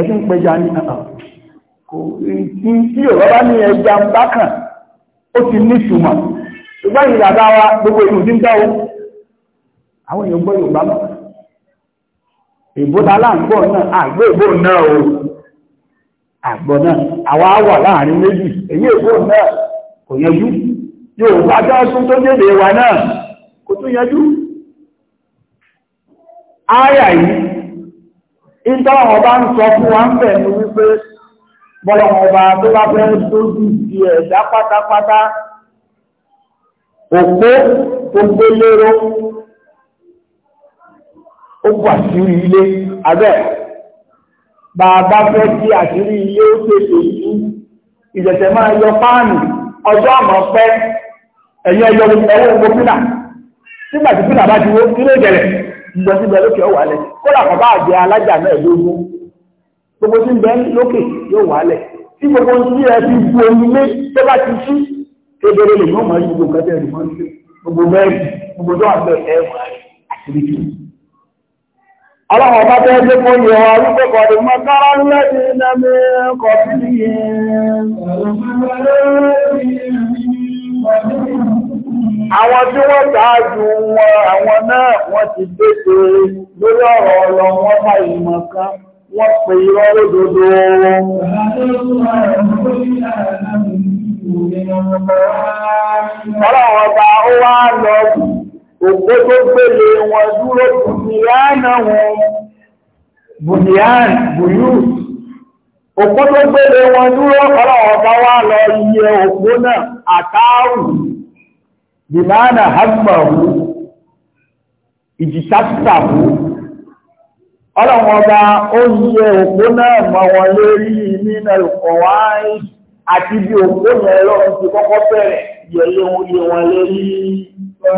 ẹ̀sìn pẹja ní ah, kò tí tí Yorùbá bá ní ẹja ń bá kàn ó ti ní ìtumọ̀ ṣùgbọ́n ìyàbá wa gbogbo ìlú ti ń dáwó àwọn èèyàn gbọ́ Yorùbá mọ̀ ìbúta láàgbọ́ náà àgbé ìbò náà o àgbọ̀ náà àwa wà láàrin méjì èyí ìbò náà kò yanjú yóò bá dáásún tó dédé wa náà kò tún yanjú áyà yìí ìtàwọn ọba ń sọ fún wa ń bẹ̀ ní wípé bọ́lọ̀wọ̀n ọba tó bá fẹ́ dójú ti ẹ̀dá pátápátá òpó tó gbé lérò ó kú àṣírí ilé abẹ́ bàbá fẹ́ kí àṣírí ilé ó tètè yí ìjẹ̀tẹ̀ máa yọ páànù ọjọ́ àmọ́ pẹ́ ẹ̀yẹ ẹyọ ẹwọ́ gbogbo pínà nígbà tí pínà bá ti wó kí ló jẹrẹ ìgbà tí bẹ̀rẹ̀ lókè ọwà lẹ̀ kó làkọ̀ bá jẹ alájà náà lógún gbogbo tí bẹ́ lókè yóò wà lẹ̀ tí gbogbo tí ẹ fi bu omi lé tó bá ti sí kedere lè mọ́ mọ́ gbogbo kẹtẹ́ rẹ̀ mọ́ gbogbo bẹ́ẹ̀ gbogbo tó wà bẹ́ẹ̀ ẹ̀ wà àṣírí kìí Ọlọ́run bá tẹ́ ẹgbẹ́ fún ìyẹ̀ wa wípé kọ̀dù mọ́kànlá lẹ́dí lẹ́mí kọ̀ sí Àwọn tí wọ́n tààjú wọn àwọn náà wọ́n ti gbéṣe lórí ọ̀rọ̀ ọlọ wọ́n bá ìmọ̀ wọ́n pè irọ́ lódodo. Ọlọ́run ó wá lọ òpó tó gbélé wọn dúró bùnìyànà wọn bùnìyàn bùyù òpó tó gbélé wọn dúró ọlọ́wọ́ bá wá lọ iye òpó náà àtàrù bìmánà hàgbàwù ìjìtàkìtàkù ọlọ́wọ́ bá ó iye òpó náà mọ́ wọn lórí nínú ìkọ̀wá àti bí òpó yẹn lọ́rùn ti kọ́kọ́ bẹ̀rẹ̀ yẹ̀lé wọn lórí Àjá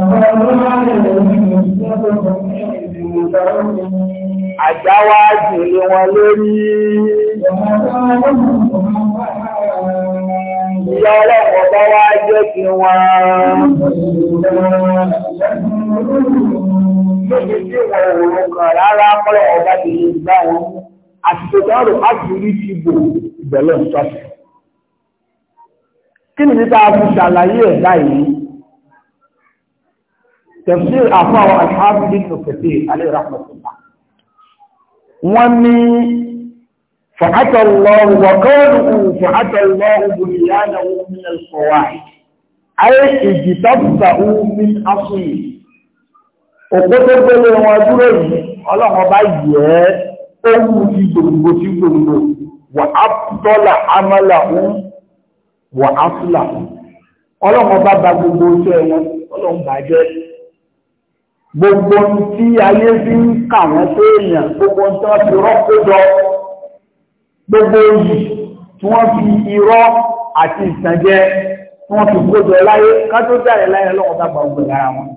wá wọn lórí. Ìyá ọlọ́pọ̀ bá wá jẹ́ kí wọn. wọ́n òun rárá pọ́lọ̀ ọba ti lè gbá wọn. Àti tó láti rí ti bò ìbẹ̀lẹ̀ ìtọ́sì Kí ni ní tafsir àfáwọ̀ alhábìlì nùfẹ̀tẹ̀ alẹ́ rahmatullah wọ́n ní fa'atallahu wa qawluhu fa'atallahu bunyanahu min al-qawa'id ay ijtabta'u min asli òpótópólé wọn dúró yìí ọlọ́run bá yẹ ó wù sí gbòǹgbò sí gbòǹgbò wà á tọ́lá amálà ń wà á gbogbo tí ayé fi ń kà wọ́n tó èèyàn gbogbo tí wọ́n fi rọ́pò jọ gbogbo yìí tí wọ́n fi irọ́ àti ìtànjẹ tí wọ́n fi kójọ láyé kátó jáde láyé lọ́wọ́ tá lára wọn.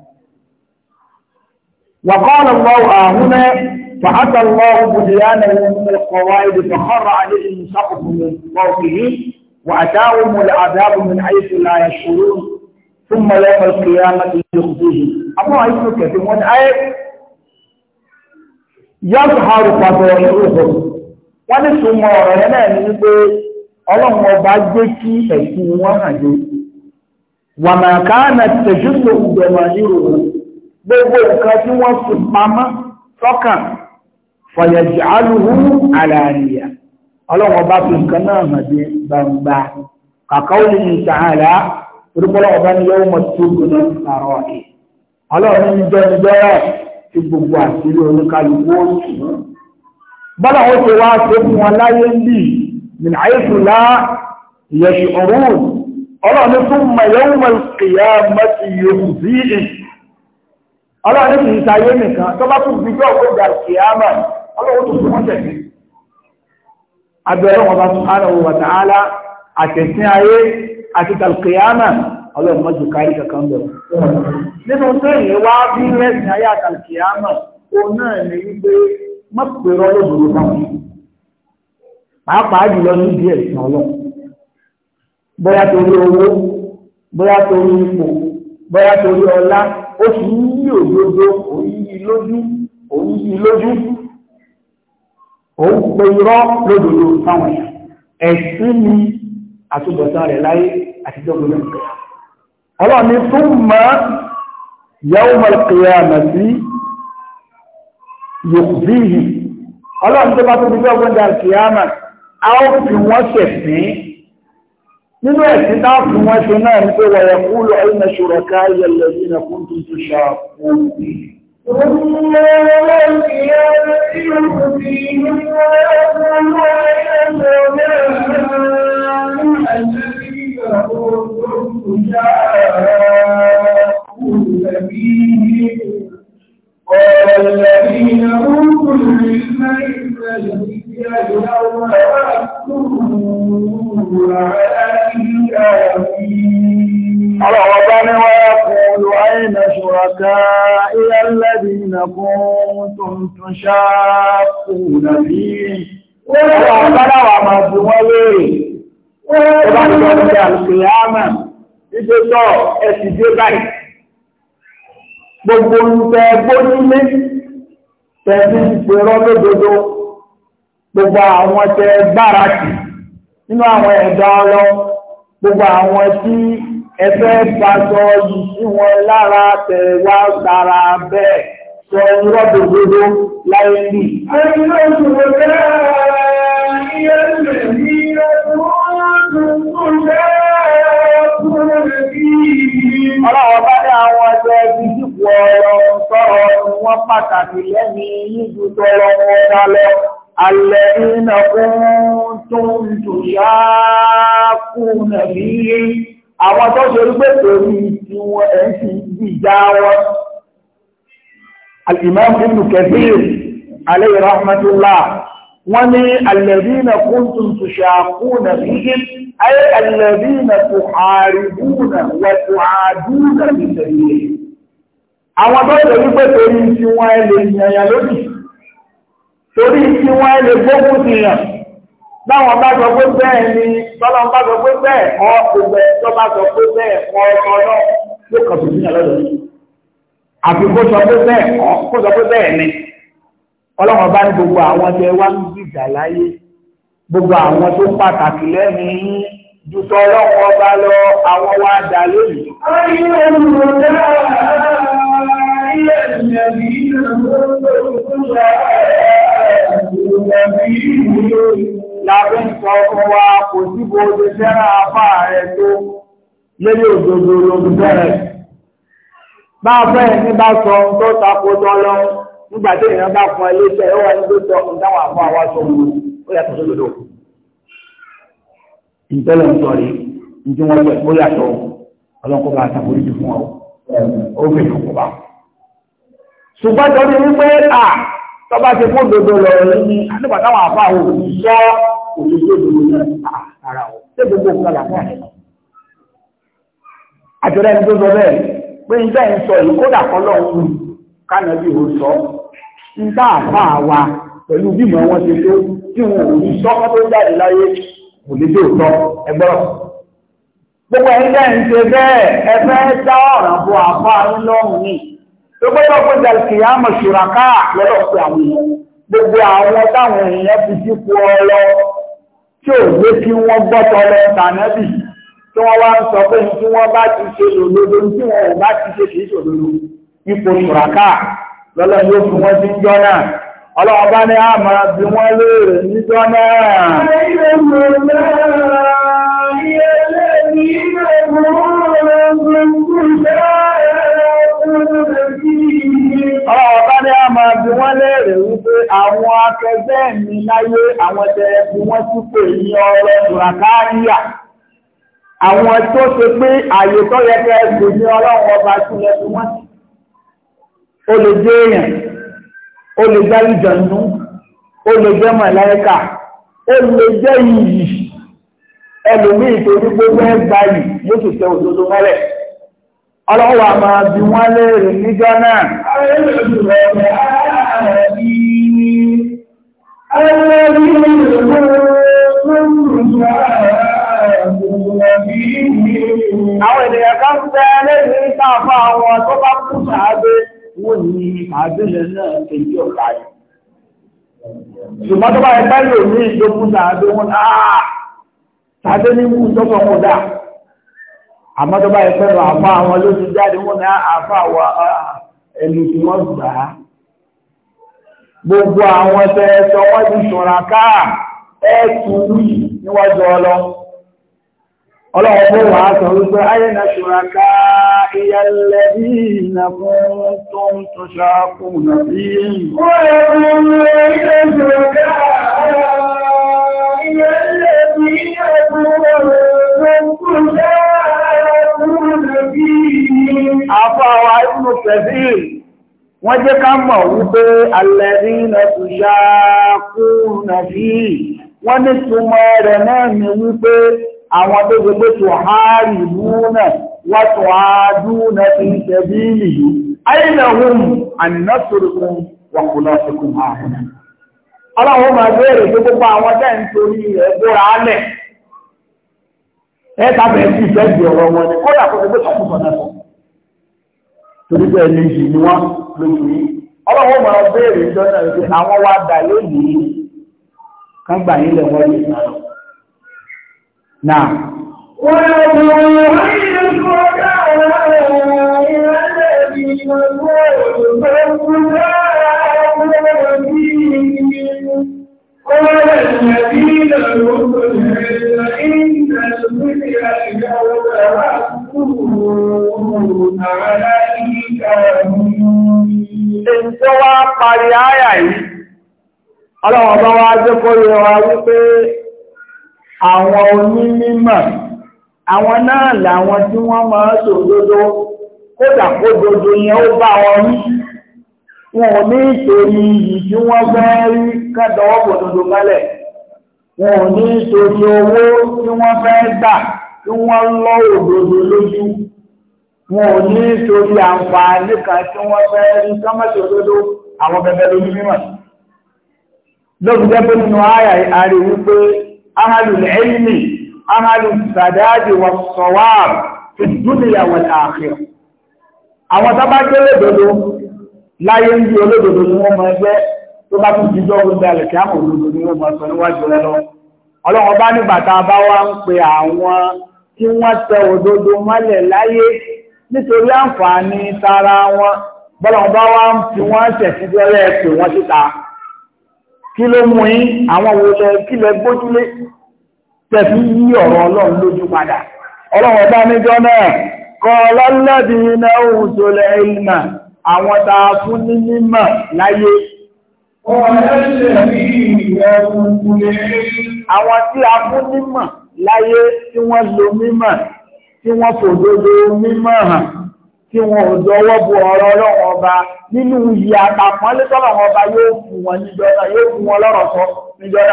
ثم يوم القيامة يخزيه أما عيسو كثير من آية يظهر فضائعهم wọ́n ní ya ọ̀rọ̀ yẹn náà ní wípé ọlọ́run ọba jẹ́ kí ẹ̀sìn wọn hàn jẹ́ wà máa ká náà tẹ̀jú ló ń bẹ̀rẹ̀ nírò gbogbo orúkọ́lá ọba ni yóò mọ̀ tó gbóná sàrọ̀ ọ̀kẹ́ ọlọ́run ní jẹ́ ní bẹ́ẹ̀ tí gbogbo àṣírí oníkálukú ó tù ú bọ́lá ó ti wá ṣe fún wọn láyé ń bì nínú àyèsù ọ̀rún ọlọ́run tún mọ̀ tún gbígbọ́ ògbà kìyà mọ̀ ọlọ́run àti kàlùkìyàmà ọlọ́run mọ́jú kárí kankan bọ̀. nínú sẹ́yìn wá bí lẹ́sìn ayé àkàlùkìyàmà òun náà ní wípé mọ́pẹ̀rọ lóbùrú náà pàápàá jùlọ ní ibi ẹ̀sìn ọlọ́run bóyá torí owó bóyá torí ipò bóyá torí ọlá ó fi ń yí òdodo òun yí lójú òun pe irọ́ lódodo fáwọn ẹ̀sìn ni àtúbọ̀tán rẹ̀ láyé àtijọ́ gbogbo ọlọ́ni tún ma yawmal qiyamati yukhzihi ọlọ́ni tó bá tó bí ọgbọ́n dà kìyàmà a ó fi wọ́n ṣẹ̀sìn nínú ẹ̀sìn náà fi wọ́n ṣe náà ní pé wọ̀yẹ̀ kú lọ ayna shurakaya alladhina kuntum tushaqqun ثم يوم القيامة يخزيهم ويقول يا سلام كنتم تشاءون فيه قال الذين أوتوا العلم إن الجزية اليوم أكتم عليه آمين رغبا ويقول أين شركائي الذين كنتم تشاقون فيه Wọ́n rọ̀ ọ̀pọ̀lọpọ̀ àmàbí wọ́n lè Ó bá ní lọ́dún pé àlùkìyàmà ìgbé tọ́ ẹ̀sì dé báyìí. Gbogbo ìfẹ́ gbónílé tẹ̀sí ìpèrọ́ lódodo. Gbogbo àwọn tẹ gbáràkì nínú àwọn ẹ̀dá ọlọ. Gbogbo àwọn tí ẹfẹ́ tọrọ tọrọ ni wọ́n pàtàkì lẹ́yìn yíjú tọrọ wọn dálọ́ alẹ́ iná fún tó ń dùn ṣáàkù nàbí àwọn tó ṣe wípé torí tí wọ́n ẹ̀ ń fi gbìjà wọn. Al-Imam wọ́n ní alladhina kuntum àwọn tó ṣe wípé torí tí wọ́n ẹ lè yànyàn lódì torí tí wọ́n ẹ lè gbógun ti yàn báwọn bá sọ pé bẹ́ẹ̀ ni tọ́lọ́ bá sọ pé bẹ́ẹ̀ kọ́ gbogbo ẹ̀ tó bá sọ pé bẹ́ẹ̀ kọ́ ọ̀tọ̀ náà yóò kàn tó síyàn lọ́dọ̀ àfi kó sọ pé bẹ́ẹ̀ kọ́ kó sọ pé bẹ́ẹ̀ ni ọlọ́run bá ní gbogbo àwọn tẹ wá ń gbìjà láyé gbogbo àwọn tó pàtàkì lẹ́mìí jù tọ́lọ́run ọba lọ àwọn wa dà lónìí. الذين كفروا Lábí ń sọ fún wa kò sí bó ṣe apá rẹ̀ tó lérí òdodo lóbi bẹ̀rẹ̀. Bá fẹ́ ní bá sọ tó tako tọ́lọ́ nígbàtí èèyàn bá fún ẹlẹ́ṣẹ̀ ó wà ní tó sọ fún àwọn aṣọ òun ó yàtọ̀ sódòdó. Ìtẹ́lẹ̀ ṣùgbọ́n tó ní wípé à tọba ti fún òdodo lọ ní àdúgbà táwọn àfa àwọn òṣìṣẹ́ òṣìṣẹ́ òdodo náà ara ọ̀ ṣé gbogbo nǹkan là fún àṣẹ. àjọ̀dá ẹni tó sọ bẹ́ẹ̀ pé ń bẹ́ẹ̀ ń sọ yìí kódà kọ́ lọ́hùn-ún kánàbí ò sọ ń bá àfa wa pẹ̀lú bímọ wọn ṣe tó tí wọn ò ní sọ kọ́ tó jáde láyé kò lè dé òótọ́ gbogbo yóò fún ìdàlùkì yá mọ̀ ṣùràká lọ́dọ̀ sí àwọn èèyàn gbogbo àwọn táwọn èèyàn fi sípò ọlọ tí ò gbé kí wọ́n gbọ́tọ̀ lọ tànẹ́bì tí wọ́n wá ń sọ pé tí wọ́n bá ti ṣe òdodo tí wọ́n ò bá ti ṣe kìí ipò ṣùràká lọ́lọ́ yóò fi wọ́n sí jọ náà ọlọ́wọ́n bá ní àmà bí wọ́n léèrè níjọ náà. Ilé bí wọ́n lẹ́rẹ̀ wípé àwọn akẹgbẹ́ mi láyé àwọn tẹ́rẹ bí wọ́n sípò ní ọ̀rọ̀ tùràkáríyà àwọn tó ṣe pé àyè tó yẹ kẹ́ ẹ̀sùn ní ọlọ́run ọba sílẹ̀ bí wọ́n sì ó lè jẹ́ èèyàn ó lè jẹ́ ìjọ̀nú ó lè jẹ́ mọ̀lẹ́ríkà ó lè jẹ́ iyì ẹlòmíì tó ní gbogbo ẹgbà yìí yóò sì tẹ òdodo mọ́lẹ̀ ọlọ́wọ́ àmọ́ bí wọ́n lè rìn níjọ́ الذين كنتم Àwọn ènìyàn kan fẹ́ lẹ́yìn ìtàfà àwọn tó bá kú sàádé wọ́n ní àdínlẹ̀ náà tèyí ọ̀la yìí. Ṣùgbọ́n tó bá ẹgbẹ́ lò ní ìjókú sàádé wọ́n náà ah, sàádé ní mú ìjọ́sọ̀ mọ̀ dáa. Àmọ́ tó bá ẹgbẹ́ lọ àfá àwọn ló ti jáde wọ́n náà ah, àfá àwọn ah, ẹlùtí wọ́n gbà á gbogbo àwọn tẹ́ẹ̀sọ wọ́n ti ṣọ̀ràn káà ẹ̀ẹ̀tù wí níwájú ọlọ ọlọ́wọ́ fún wàá sọ wípé ayé na ṣọ̀ràn káà ìyá lẹ́bí ìnà fún tó ń tó ṣàkó nà bí Àfáwà ìmú tẹ̀síìrì wọ́n jẹ́ ká mọ̀ wípé alladhina tushaqquna fihi wọ́n ní túmọ̀ rẹ̀ náà ni wípé àwọn tó ṣe pé tuharibuna wa tu'aduna fi sabilihi ayna hum an nasrukum wa tẹ́ ń torí rẹ̀ bóra álẹ̀ ẹ̀ tàbí torí bẹ́ẹ̀ ni yìí ni wọ́n lójú yìí ọlọ́wọ́ mọ̀ béèrè ìjọ náà àwọn wa dà lónìí kan gbà lè sá lọ. Wọ́n bọ̀ wọ́n Èyí tó wá parí áyà yìí, ọlọ́wọ̀n bá wá jẹ́ kó yẹ wa wípé àwọn onímímọ̀, àwọn náà làwọn tí wọ́n máa ṣòdodo, kódà kó dodo yẹn ó bá wọn rí. Wọn ò ní ìtòrí iyì tí wọ́n fẹ́ rí kẹ́dọ̀ọ́ bòdodo mẹ́lẹ̀. Wọn ò ní ìtòrí owó tí wọ́n fẹ́ gbà tí wọ́n lọ́ òdodo lójú wọn ò ní torí àǹfààní kan tí wọ́n fẹ́ rí sọ́mọ́sí òdodo àwọn bẹ̀bẹ̀ lórí mímọ̀ lóbi jẹ́ pé nínú àyà àrí wípé ahalul ilmi ahalul sadadi wa sawab fi dunya wal akhirah àwọn tábá jẹ́ lódodo láyé ń di olódodo ni wọ́n máa jẹ́ tó bá tún jíjọ́ ó dalẹ̀ kí á mọ̀ olódodo ni wọ́n máa sọ níwájú rẹ lọ ọlọ́run bá nígbà tá a bá wá ń pe àwọn tí wọ́n tẹ òdodo mọ́lẹ̀ láyé nítorí àǹfààní tara wọn bọ́lọ̀n bá wá ń fi wọ́n tẹ̀sí lọ́rẹ́ pè wọ́n síta kí ló mú yín àwọn òṣèlè kí lẹ gbójúlé tẹ̀sí yí ọ̀rọ̀ ọlọ́run lójú padà ọlọ́run ọba níjọ́ náà kọ́ lọ́lọ́dì iná òṣèlè ìmọ̀ àwọn tá a fún ní mímọ̀ láyé àwọn tí a fún mímọ̀ láyé tí wọ́n lo mímọ̀ tí wọ́n fòdodo mímọ̀ hàn tí wọn ò dọwọ́ bu ọ̀rọ̀ ọlọ́run ọba nínú iyì àtàpọ́nlé tọ́lọ́run ọba yóò fún wọn níjọ́ yóò fún wọn lọ́rọ̀ sọ níjọ́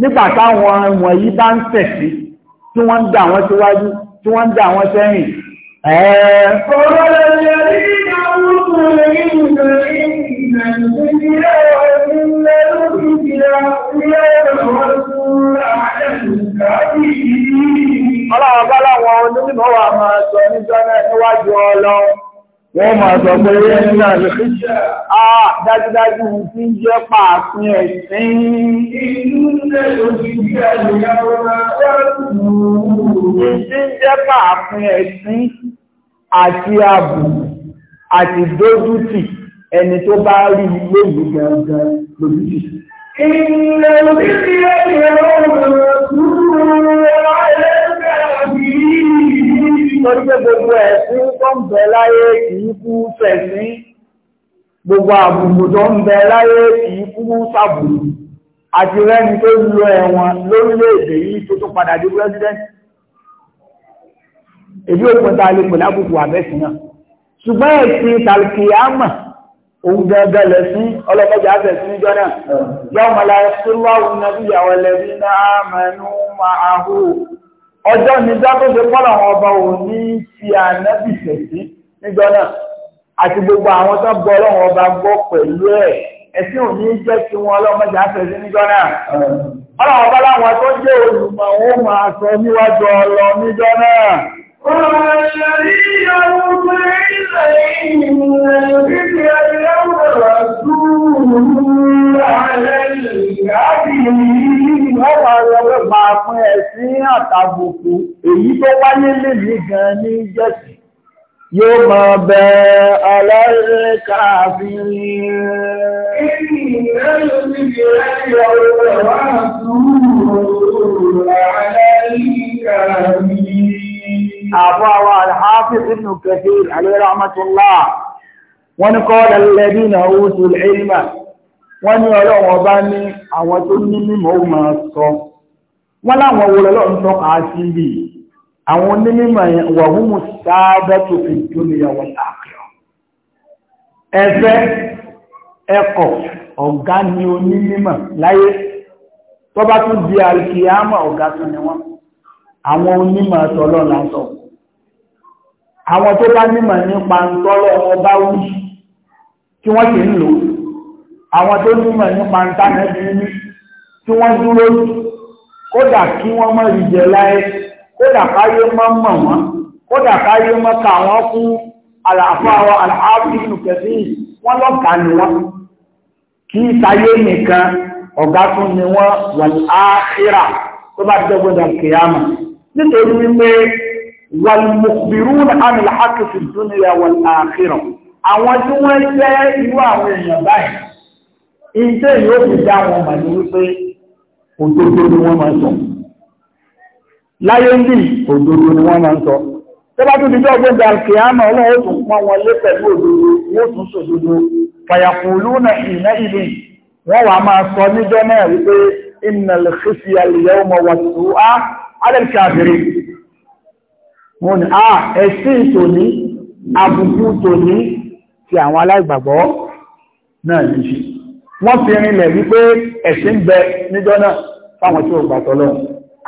nígbà táwọn wọ̀nyí bá ń tẹ̀sí tí wọ́n ń dà wọ́n síwájú tí wọ́n ń dà wọ́n sẹ́yìn. ọ̀rọ̀ ọlọ́run bá láwọn onímọ̀ wa máa sọ níjọ́ náà níwájú ọlọ́run wọ́n máa sọ pé rí ẹni náà lè fi jẹ́ àà dájúdájú tí ń jẹ́ pààfin ẹ̀sìn inú ilẹ̀ òjìjì àyíyàwó tí ń àti ààbò àti dójútì ẹni tó bá rí ilé ìlú gangan lójútì. ilẹ̀ òjìjì àyíyàwó torí pé gbogbo ẹ̀sìn tó ń bẹ láyé kìí kú sẹ̀sìn gbogbo àbùkù tó ń bẹ láyé kìí kú sàbùkù àti rẹ́ni tó lo ẹ̀wọ̀n lórílẹ̀-èdè yìí tó tún padà di pírẹ́sidẹ́ntì èbí òpin ta lè pè lábùkù àbẹ́sìn náà ṣùgbọ́n ẹ̀sìn tàlùkìyàmà òun gẹ́gẹ́ lẹ́sìn ọjọ́ níjá tó ṣe pọ́lá àwọn ọba ò ní fi ànábì ṣẹ̀sí níjọ náà àti gbogbo àwọn tó gbọ́ ọlọ́run ọba gbọ́ pẹ̀lú ẹ̀ ẹ̀sìn ò ní jẹ́ kí wọn ọlọ́mọdé àfẹ́sí níjọ náà ọlọ́run ọba láwọn tó jẹ́ olùmọ̀ wọn máa sọ níwájú ọlọ níjọ náà والذي يوضع إليه من الفدية yóò máa bẹ aláìríkà fi rí àbáwà al-Hafiz ibn Kathir alayhi rahmatullah wọ́n ní qala alladhina utul ilma wọ́n ní ọlọ́wọ́ bá ní àwọn tó ní mímọ̀ ó máa sọ wọ́n láwọn wo lọ́lọ́run tó kà á sí bí àwọn onímọ̀ wa humu saadatu fi dunya wal akhirah tó bá tún di àwọn onímọ̀ tọ́lọ́ àwọn tó bá nímọ̀ nípa ntọ́lọ́ ọba wí tí wọ́n sì ń lò àwọn tó nímọ̀ nípa ntánẹ́bí tí wọ́n dúró kódà kí wọ́n mọ̀ ìjẹ láyé kódà káyé mọ́ mọ̀ wọ́n kódà káyé mọ́ kà wọ́n kú àlàáfáà àlàáfíìnù kẹfí wọ́n lọ́kà ni wọ́n kí ìtayé nìkan ọ̀gá tún ni wọ́n wọ̀n áhírà tó bá dẹ́gbọ́dọ̀ kìyàmà nítorí والمخبرون عن الحق في الدنيا والآخرة àkìrọ̀ àwọn tí wọ́n jẹ́ irú àwọn èèyàn báyìí ìjẹ́ yóò fi dá wọn mà ní wípé òdodo ni wọ́n máa ń sọ láyé ń bì òdodo ni wọ́n máa ń sọ tó bá tún ti jọ́ gbẹ́gbẹ́ àkìyàmọ̀ ọlọ́run tún pọ́n wọn lé pẹ̀lú òdodo yóò tún sòdodo fàyàkùlù náà ìná wọ́n ni ah ẹ̀sìn tòní àbùkù tòní ti àwọn aláìgbàgbọ́ náà ní ṣe wọ́n fi rinlẹ̀ wípé ẹ̀sìn bẹ níjọ́ náà fáwọn tí ó gbà tọ́lọ́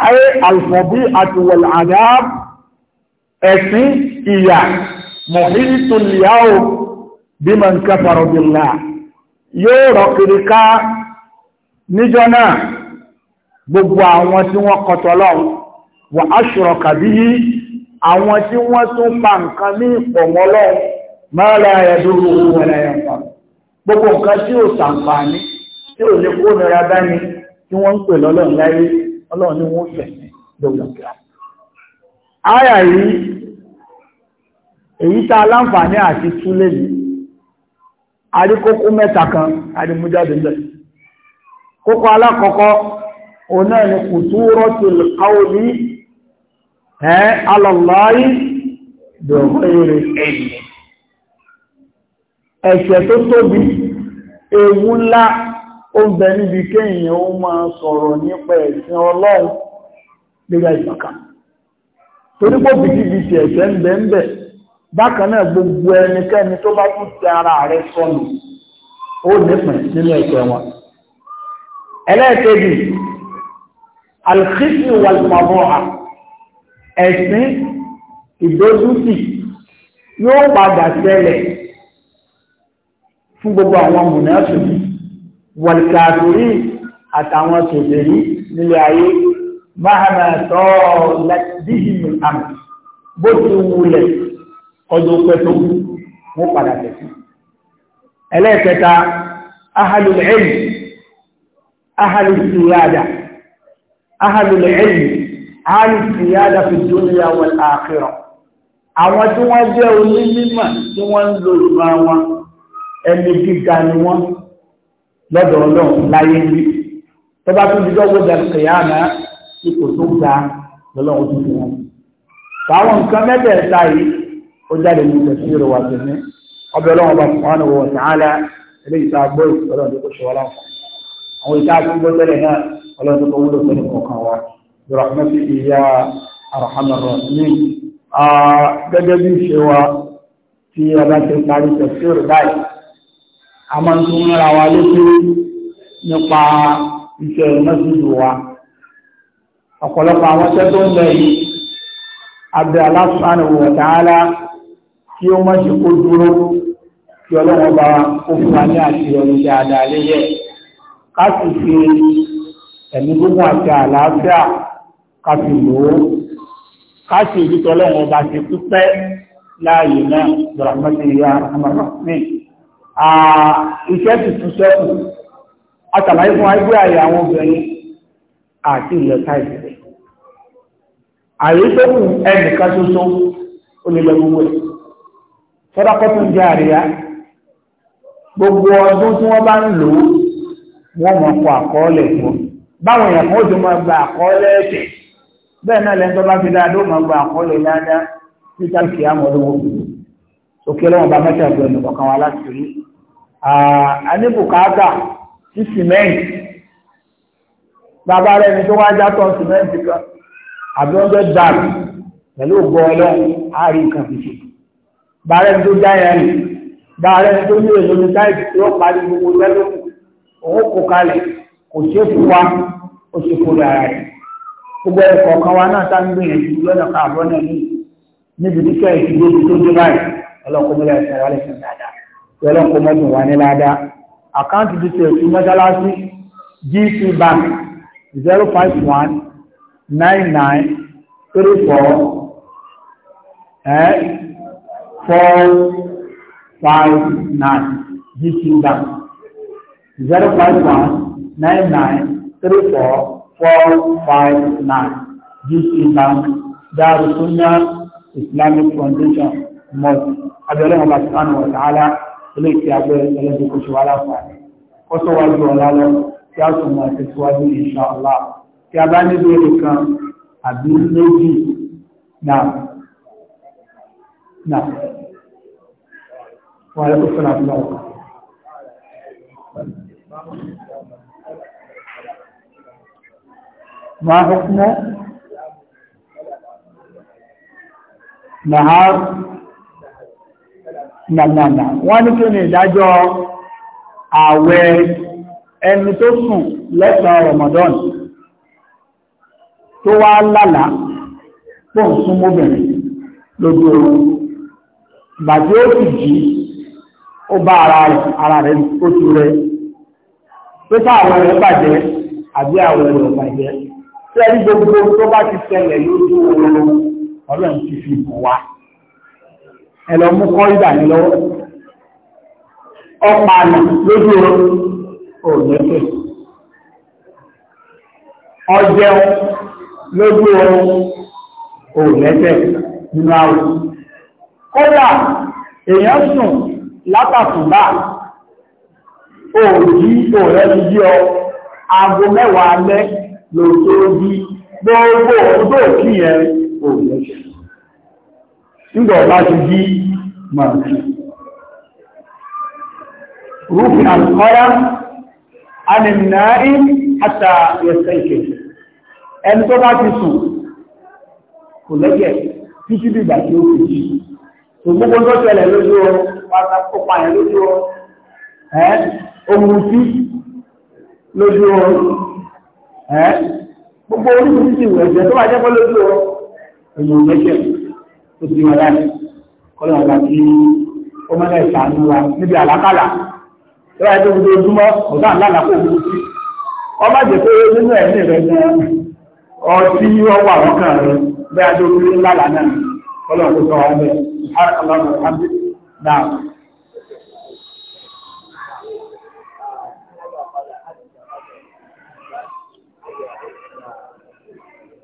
ayé alfọ̀bí àti wọ̀lá àdáàb ẹ̀sìn ìyà mọ̀hítùlìyàwó bí mọ̀ nǹkan fàrọ̀bìlà yóò àwọn tí wọ́n tún pa nǹkan ní ìpọ̀mọ́ lọ́wọ́ máa lára ẹ̀dúró owó ẹ̀rẹ̀ ẹ̀fà gbogbo nǹkan tí ò sàǹfààní tí ò lè kó nira dání tí wọ́n ń pè lọ́lọ́run láyé ọlọ́run ni wọ́n fẹ̀sìn lọ́gbàgbà alọ́láyé dọ̀gbẹ̀rẹ̀ ẹ̀yẹ ẹ̀ṣẹ̀ tó tóbi ewu ńlá ó ń bẹ níbi kéèyàn ó máa sọ̀rọ̀ nípa ẹ̀sìn ọlọ́run nígbà ìsọ̀ká torí pò bí kí ti ẹ̀ṣẹ̀ ń bẹ ń bẹ bákan náà gbogbo ẹnikẹ́ni tó bá tún ti ara rẹ̀ sọnù ó nípìn nínú ẹ̀ṣẹ̀ wọn ẹlẹ́ẹ̀kejì alkhisi wal ẹ̀sìn ìdójútì yóò padà ṣẹlẹ̀ fún gbogbo àwọn mùnásùnmí wọ̀lìkàtòrí àtàwọn tòbèrí nílé ayé mahamata tọ́ lẹ́díhìmù àmì bó ti wulẹ̀ ọdún pẹ̀tọ́ mú padà tẹ̀sí ẹlẹ́ẹ̀kẹta ahàlùlẹ̀ ẹ̀lì ahàlùlẹ̀ alìsíyádà fi dúnìyà wal àkhírah àwọn tí wọ́n jẹ́ onímọ̀ tí wọ́n ń lo ìmọ̀ wọn ẹni gíga ni wọ́n lọ́dọ̀ ọlọ́run láyé rí tó bá tún dídọ́ gbọ́dọ̀ kìyàmá برحمتك يا أرحم الراحمين gẹ́gẹ́ bí ṣe wa tí ọba ti parí tẹ̀síìrì báyìí a máa ń tún múra wa létí nípa iṣẹ́ mẹ́sìlú wa ọ̀pọ̀lọpọ̀ àwọn tẹ́ tó ń bẹ yìí abẹ́ Allah subhanahu wa ta'ala kí ó má ṣe kó dúró kí ọlọ́wọ́ bá ó fún wa ní àti ọ̀rọ̀ dáadáa léyẹ̀ ká sì fi ẹ̀mí gbogbo àti àlàáfíà káfí lò ó káfí ìdíkọ ọlọ́run ọba ti pípẹ́ láàyè náà lọ́rọ̀ mọ́tì ìyá amọ̀rọ̀mí. iṣẹ́ ti tún sẹ́kù àtàlàyé fún ẹgbẹ́ àyè àwọn obìnrin àti ìyẹ̀ká ìbẹ̀rẹ̀. àyè tó kù ẹnìkan ṣoṣo ó lè lọ gbogbo ẹ̀. sọ́dọ́kọ́ tó ń jẹ́ àríyá gbogbo ọdún tí wọ́n bá ń lò ó wọ́n mọ̀ kọ àkọọ́lẹ̀ fún báwọn èèyàn kan ó ti mọ̀ gba àkọọ́lẹ̀ ẹ̀ṣẹ̀ bẹ́ẹ̀ náà lẹ́ńtọ́ bá fi dáadọ́ máa gba àkọọ́lẹ̀ ládá ní sáàkì àmọ́lówó òkè lọ́wọ́n bá mẹ́ta ìgbẹ́ ẹ̀nù kọ̀ọ̀kan wa láti rí aníbùkátà sí sìmẹ́ǹtì bàbá rẹ̀ ni tó wá játọ̀ sìmẹ́ǹtì kan àbí wọ́n fẹ́ dàrú pẹ̀lú ògbọ́ ọlọ́run àárí nǹkan fi ṣe bàbá rẹ̀ ni tó dá yẹn rìn bàbá rẹ̀ ni tó ní èso ní táìsì tí wọ́n parí gbogbo lẹ́lọ́kù òun kò kalẹ̀ kò ṣe gbogbo ẹ̀rọ kọ̀ọ̀kan wa náà tá ń gbìyànjú lọ́nà kan àbọ̀ náà ní níbi iṣẹ́ ìṣubú ibi tó dé báyìí ọlọ́kùnrin ẹ̀sẹ̀ wà lẹ́sẹ̀ dáadáa tí ọlọ́kùnrin mọ́tò wà ní ládàá àkáǹtì ti ṣe ètò mọ́ṣáláṣí GT Bank zero five one nine nine three four four five nine GT Bank zero five one nine nine three four. 459 GC Bank Darussunnah Islamic Foundation Mosque abẹ́rẹ́ ọba subhanahu wa ta'ala ilé ìtì abẹ́ ẹlẹ́dẹ̀ kò ṣùwà láfààní ó tó wájú ọ̀la lọ tí a tún máa tẹ̀síwájú insha Allah tí a bá ní béèrè kan àbí méjì náà náà wà lẹ́kọ̀ọ́ fún àbúrò ọkọ̀. ما حكم نهار ha wọ́n ní kí ni ìdájọ́ ààwẹ̀ ẹni tó sùn lẹ́sàn Ramadan tó wá lálà tó ń sún mọ́bìnrin lójú oòrùn bàtí ó sì ara rẹ̀ sẹ́rí gbogbo tó bá ti ṣẹlẹ̀ lójú oorun ọlọ́run ti fi bù wá ẹ lọ mú kọ́ ìdà ní lọ́wọ́ ọ̀pá àná lójú oorun ò lẹ́sẹ̀ ọjẹun lójú oorun ò lẹ́sẹ̀ nínú àwọn kódà èèyàn sùn látàkùnbà òòjí òòrẹ́ ti jí ọ aago mẹ́wàá alẹ́ ló tó bí gbogbo ọdọ́ kí yẹn òwúrẹ́ṣẹ́ nígbà ọ̀bá ti bí màájú rúfin àkọ́rá anìmìnàí àtà ẹ̀sẹ̀ ìkẹ̀ ẹni tó bá ti sùn kò lẹ́gẹ̀ títí dìgbà tí ó fi jí ògbógbó tó tẹ̀lẹ̀ lójú ọ pátákópa ẹ̀ lójú ọ ẹ́ ohun tí lójú ọ ẹ́ gbogbo oríṣiríṣi ìwé ẹ̀jẹ̀ tó bá jẹ́ pẹ́lú ojú ọ èèyàn lẹ́sẹ̀ tó ti wọn láti kọ́lọ̀ ọ̀gá kí ó mọ́lẹ̀ ìṣàánú wa níbi àlákàlà tó jẹ́ gbogbo ojúmọ́ kò ọmọ jẹ́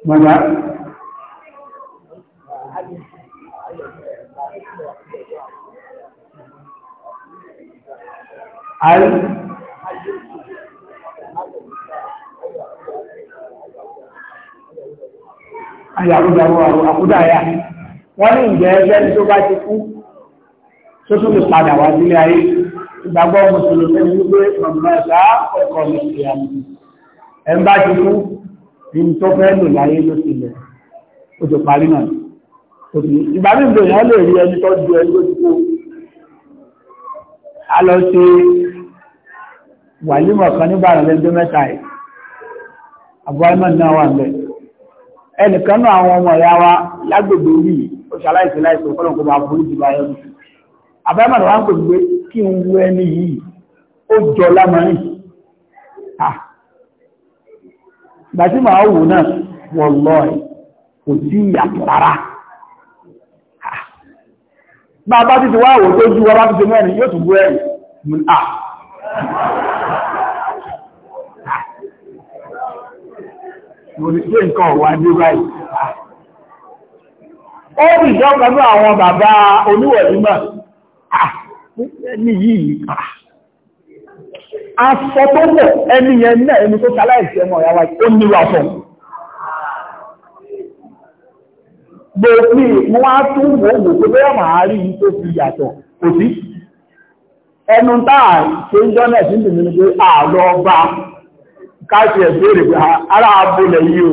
Bàbá. Àrí. Àyàwójàwó àkúdàyà. Wọ́n ní ìjẹ́ ẹgbẹ́ tó bá ti kú, tó tún lè padà wá sílé ayé. Ìgbàgbọ́ Mùsùlùmí wípé mọ̀mọ́ ẹ̀dá ọkọ̀ mi ìyàmù. Ẹ ní tó fẹ́ lò láyé ló ti lẹ̀ ó ti parí náà ìgbà mí ìgbò èèyàn lè rí ẹni tó ju ẹni tó dúró a lọ ṣe wàlímọ̀ kan níbàrán lẹ́jọ́ mẹ́ta ẹ̀ àbúráìmọ̀ náà wà mẹ́ ẹnìkan náà àwọn ọmọ ìyá wa lágbègbè yìí ó ṣaláìsí láìsí ọ̀pọ̀lọpọ̀ gbàtí màá wò náà wallahi kò sí ìyàtọ̀ rárá bá a bá ti ti wá àwò tó ju ọlá tuntun mẹ́rin yóò tún bú ẹ̀rì múlá òrìṣẹ́ nǹkan ó rí ìjọ́ pẹ̀lú àwọn bàbá oníwẹ̀lúmọ̀ ní yìí aṣọ tó pọ̀ ẹni yẹn náà ẹni tó ṣaláìsí ẹmọ ọ̀yá wa ó nílò aṣọ gbòmí wọ́n á tún wò wò pé bẹ́ẹ̀ máa rí tó fi yàtọ̀ kò sí ẹnu táà ṣe ń náà pé ara abúlẹ̀ yìí o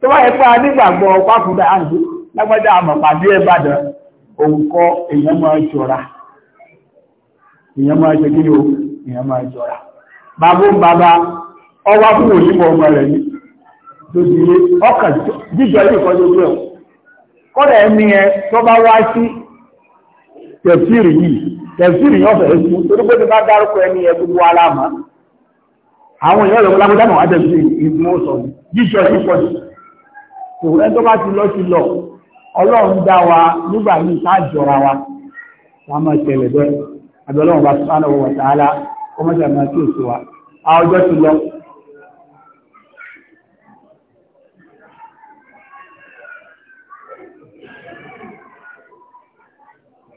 tó pé a nígbàgbọ́ pápúdà àti lágbájá èèyàn máa jọra èèyàn máa kí o èèyàn máa jọra bàbá bàbá ọwá fún òyìnbó ọmọ rẹ̀ ní tó ti ọkàn jíjọ yìí kọjú pé ọ kọ́dà ẹni ẹ tó bá wá sí tẹ̀síìrì yìí tẹ̀síìrì yọ ọ̀fẹ́ sí torí tó bá dárúkọ ẹni ẹ gbogbo aláàmà àwọn èèyàn lọ́wọ́ lágbọ́dá mọ̀ sí ìgbìmọ̀ sọ jíjọ wa nígbà yìí ká wa máa tẹ̀lẹ̀ bẹ́ẹ̀ àbẹ̀lọ́wọ̀n bá subhanahu wa ta'ala kó mọ́sẹ̀ máa tí ò sí wa a ọjọ́ ti lọ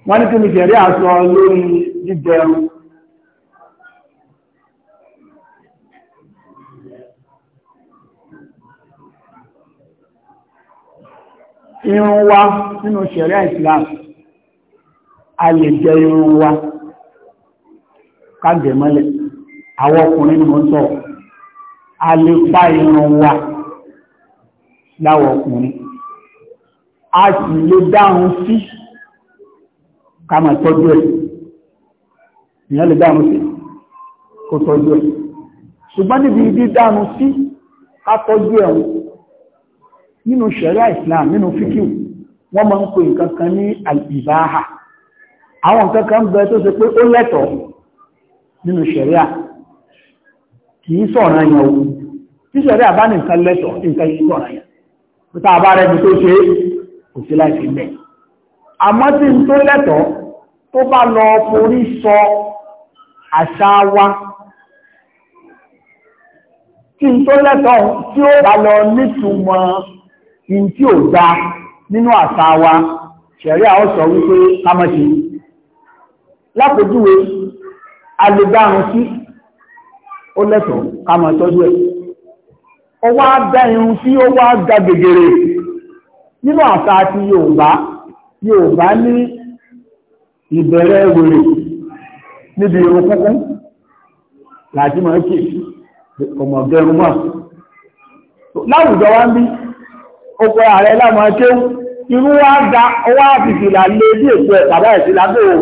wọ́n ní kí ni jẹ̀rí àṣọ lórí jíjẹun irun wa nínú ṣẹ̀rí Islam a lè jẹ irun wa kájẹ̀ mọ́lẹ̀ àwọn ọkùnrin ni mo ń sọ a lè pa irun wa láwọ ọkùnrin a sì lè dáhùn sí ká máa tọ́jú ẹ̀ ìyẹn lè dáhùn sí kó tọ́jú ẹ̀ ṣùgbọ́n níbi dídáhùn sí ká tọ́jú ẹ̀ nínú ṣẹ̀ríà Islam nínú fíkíù wọ́n máa ń pè nǹkan kan ní al àwọn nǹkan kan bẹ tó ṣe pé ó lẹ́tọ̀ọ́ nínú ṣẹ̀ríà kì í sọ̀rọ̀ ẹ̀yàn o tí ṣẹ̀ríà bá ní nǹkan lẹ́tọ̀ nǹkan yìí sọ̀rọ̀ ẹ̀yàn tó tá a bá rẹ̀ tó ṣe kò sí láìsí mẹ́ àmọ́ tí n tó lẹ́tọ̀ tó bá lọ forí sọ àṣà wa tí n tó lẹ́tọ̀ tí ó bá lọ nítumọ̀ in tí ò dá nínú àṣà wa ṣẹ̀ríà ó sọ wípé lápòjúwe alùgbàrún sí ó lẹ́tọ̀ọ́ kàmọ̀ tọ́jú ẹ̀ ó wá dá irun sí ó wá ga gègèrè nínú àṣà àti Yorùbá Yorùbá ní ìbẹ̀rẹ̀ wèrè níbi irun kúnkún láti mọ̀ kí ọmọ gẹrun mọ̀ láwùjọ wá ń bí ó ààrẹ lámọ̀ kéwú irú wá ga ọwá àfìfìlà lé bí èkó ẹ̀ bàbá ẹ̀ lábẹ́ òun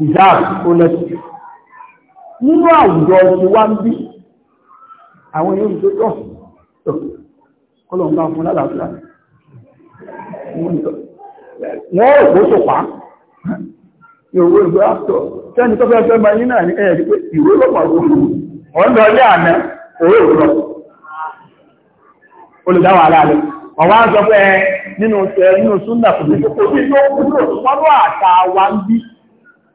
hijab ó nínú àwùjọ ti wá ń bí àwọn yóò tó tọ́ tọ́ fún lálàáfíà wọ́n ò kó sọpá ìgbé tẹ́ni tó fẹ́ fẹ́ náà ní ẹ̀yẹ̀ pé ìwé lọ́pàá ọ̀dọ̀ ilé àná òwúrọ̀ olùdáwà aláàlẹ́ ń sọ nínú nínú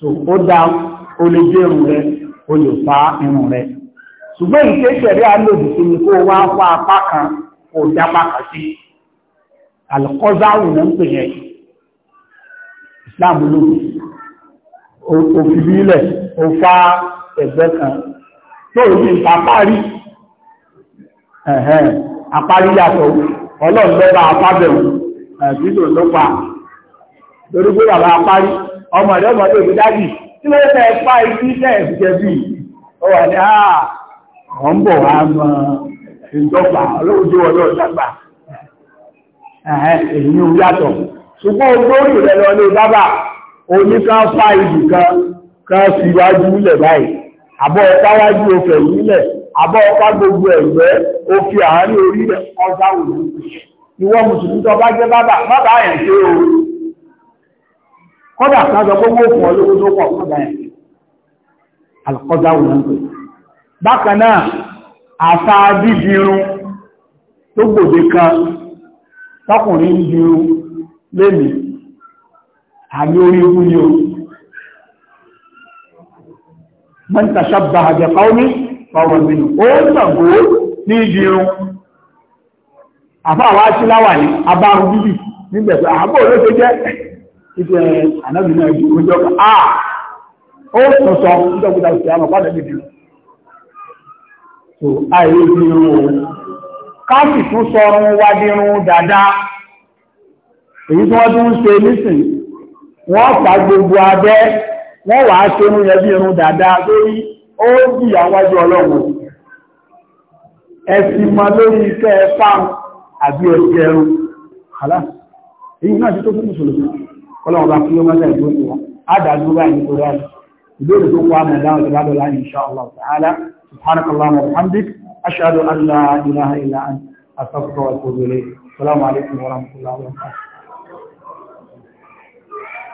so ó dá o lè gé irun rẹ o lè fa irun rẹ ṣùgbọ́n ìṣe ìṣẹ̀rí alòdì sí ni kó o wá fa apá kan kó o dá apá kan sí alùkọ́záwù ló ń pè yẹn Islam ló òfìlílẹ̀ ó fa ẹ̀gbẹ́ kan tó o ní ìta parí àparí yàtọ̀ ọlọ́ọ̀lọ́ba apábẹ̀rún ẹ̀bí lò lọ́pàá lórí gbé bàbá apárí ọmọ rẹ̀ ọmọ rẹ̀ ìdájì tí ló tẹ́ pa ibi tẹ́ ìfìjẹ́ bí ó wà ní àà ah, wọ́n ń bọ̀ wá mọ́ ìjọba olóòjú ọjọ́ ìjọba èyí ń yàtọ̀ ṣùgbọ́n olórí rẹ̀ lọ ní bábà oníkan fa ibì kan kan fi wájú lẹ̀ báyìí àbọ̀ ọ̀pá wájú ọ̀fẹ́ yìí lẹ̀ àbọ̀ ọ̀pá gbogbo ẹ̀gbẹ́ ó fi àárín orí rẹ̀ kọ́ sáwùrù ìwọ mùsùlùmí tó bá jẹ́ bábà bábà àyàn ṣe o kọ́dà sáàjọ gbogbo òkun olówó tó pọ̀ kọ́dà ẹ̀ alkọ́dà òun pè bákan náà àṣà dídirun tó gbòde kan tọkùnrin ń dirun lẹ́nìí àmì orí ikú ni o mọ́ntà ṣàbà àjẹ̀kọ́ ní ọ̀rọ̀ nínú ó sàgbó ní ìdírun àfáàwá síláwà ní abárun bíbì nígbẹ̀ẹ́ ìgbẹ́ ànábìnà ìdúró jọba àà ó sọ̀sọ̀ ìjọba ìṣẹ́ àmọ̀ pàdé nìdí so àìrí ìrìn o káàkì tún sọ ọrún wá dírún dáadáa èyí tí wọ́n tún ń ṣe nísìn wọ́n fà gbogbo abẹ́ wọ́n wàá ṣe mú yẹbí irun dáadáa lórí ó bí àwájú ọlọ́run ẹ̀sìn mọ lórí iṣẹ́ fáwọn àbí ẹ̀sìn ẹrun àlá èyí náà ti tó fún mùsùlùmí kọ́lọ́wọ́ bá kí ó mọ́sẹ̀ ìlú ìwọ̀ àdájú bá ní orí àti ìbéèrè tó wà mọ̀ láwọn ìlàdọ̀ láì insha Allah ta'ala subhanakallahu wa bihamdik ashhadu an la ilaha illa anta astaghfiruka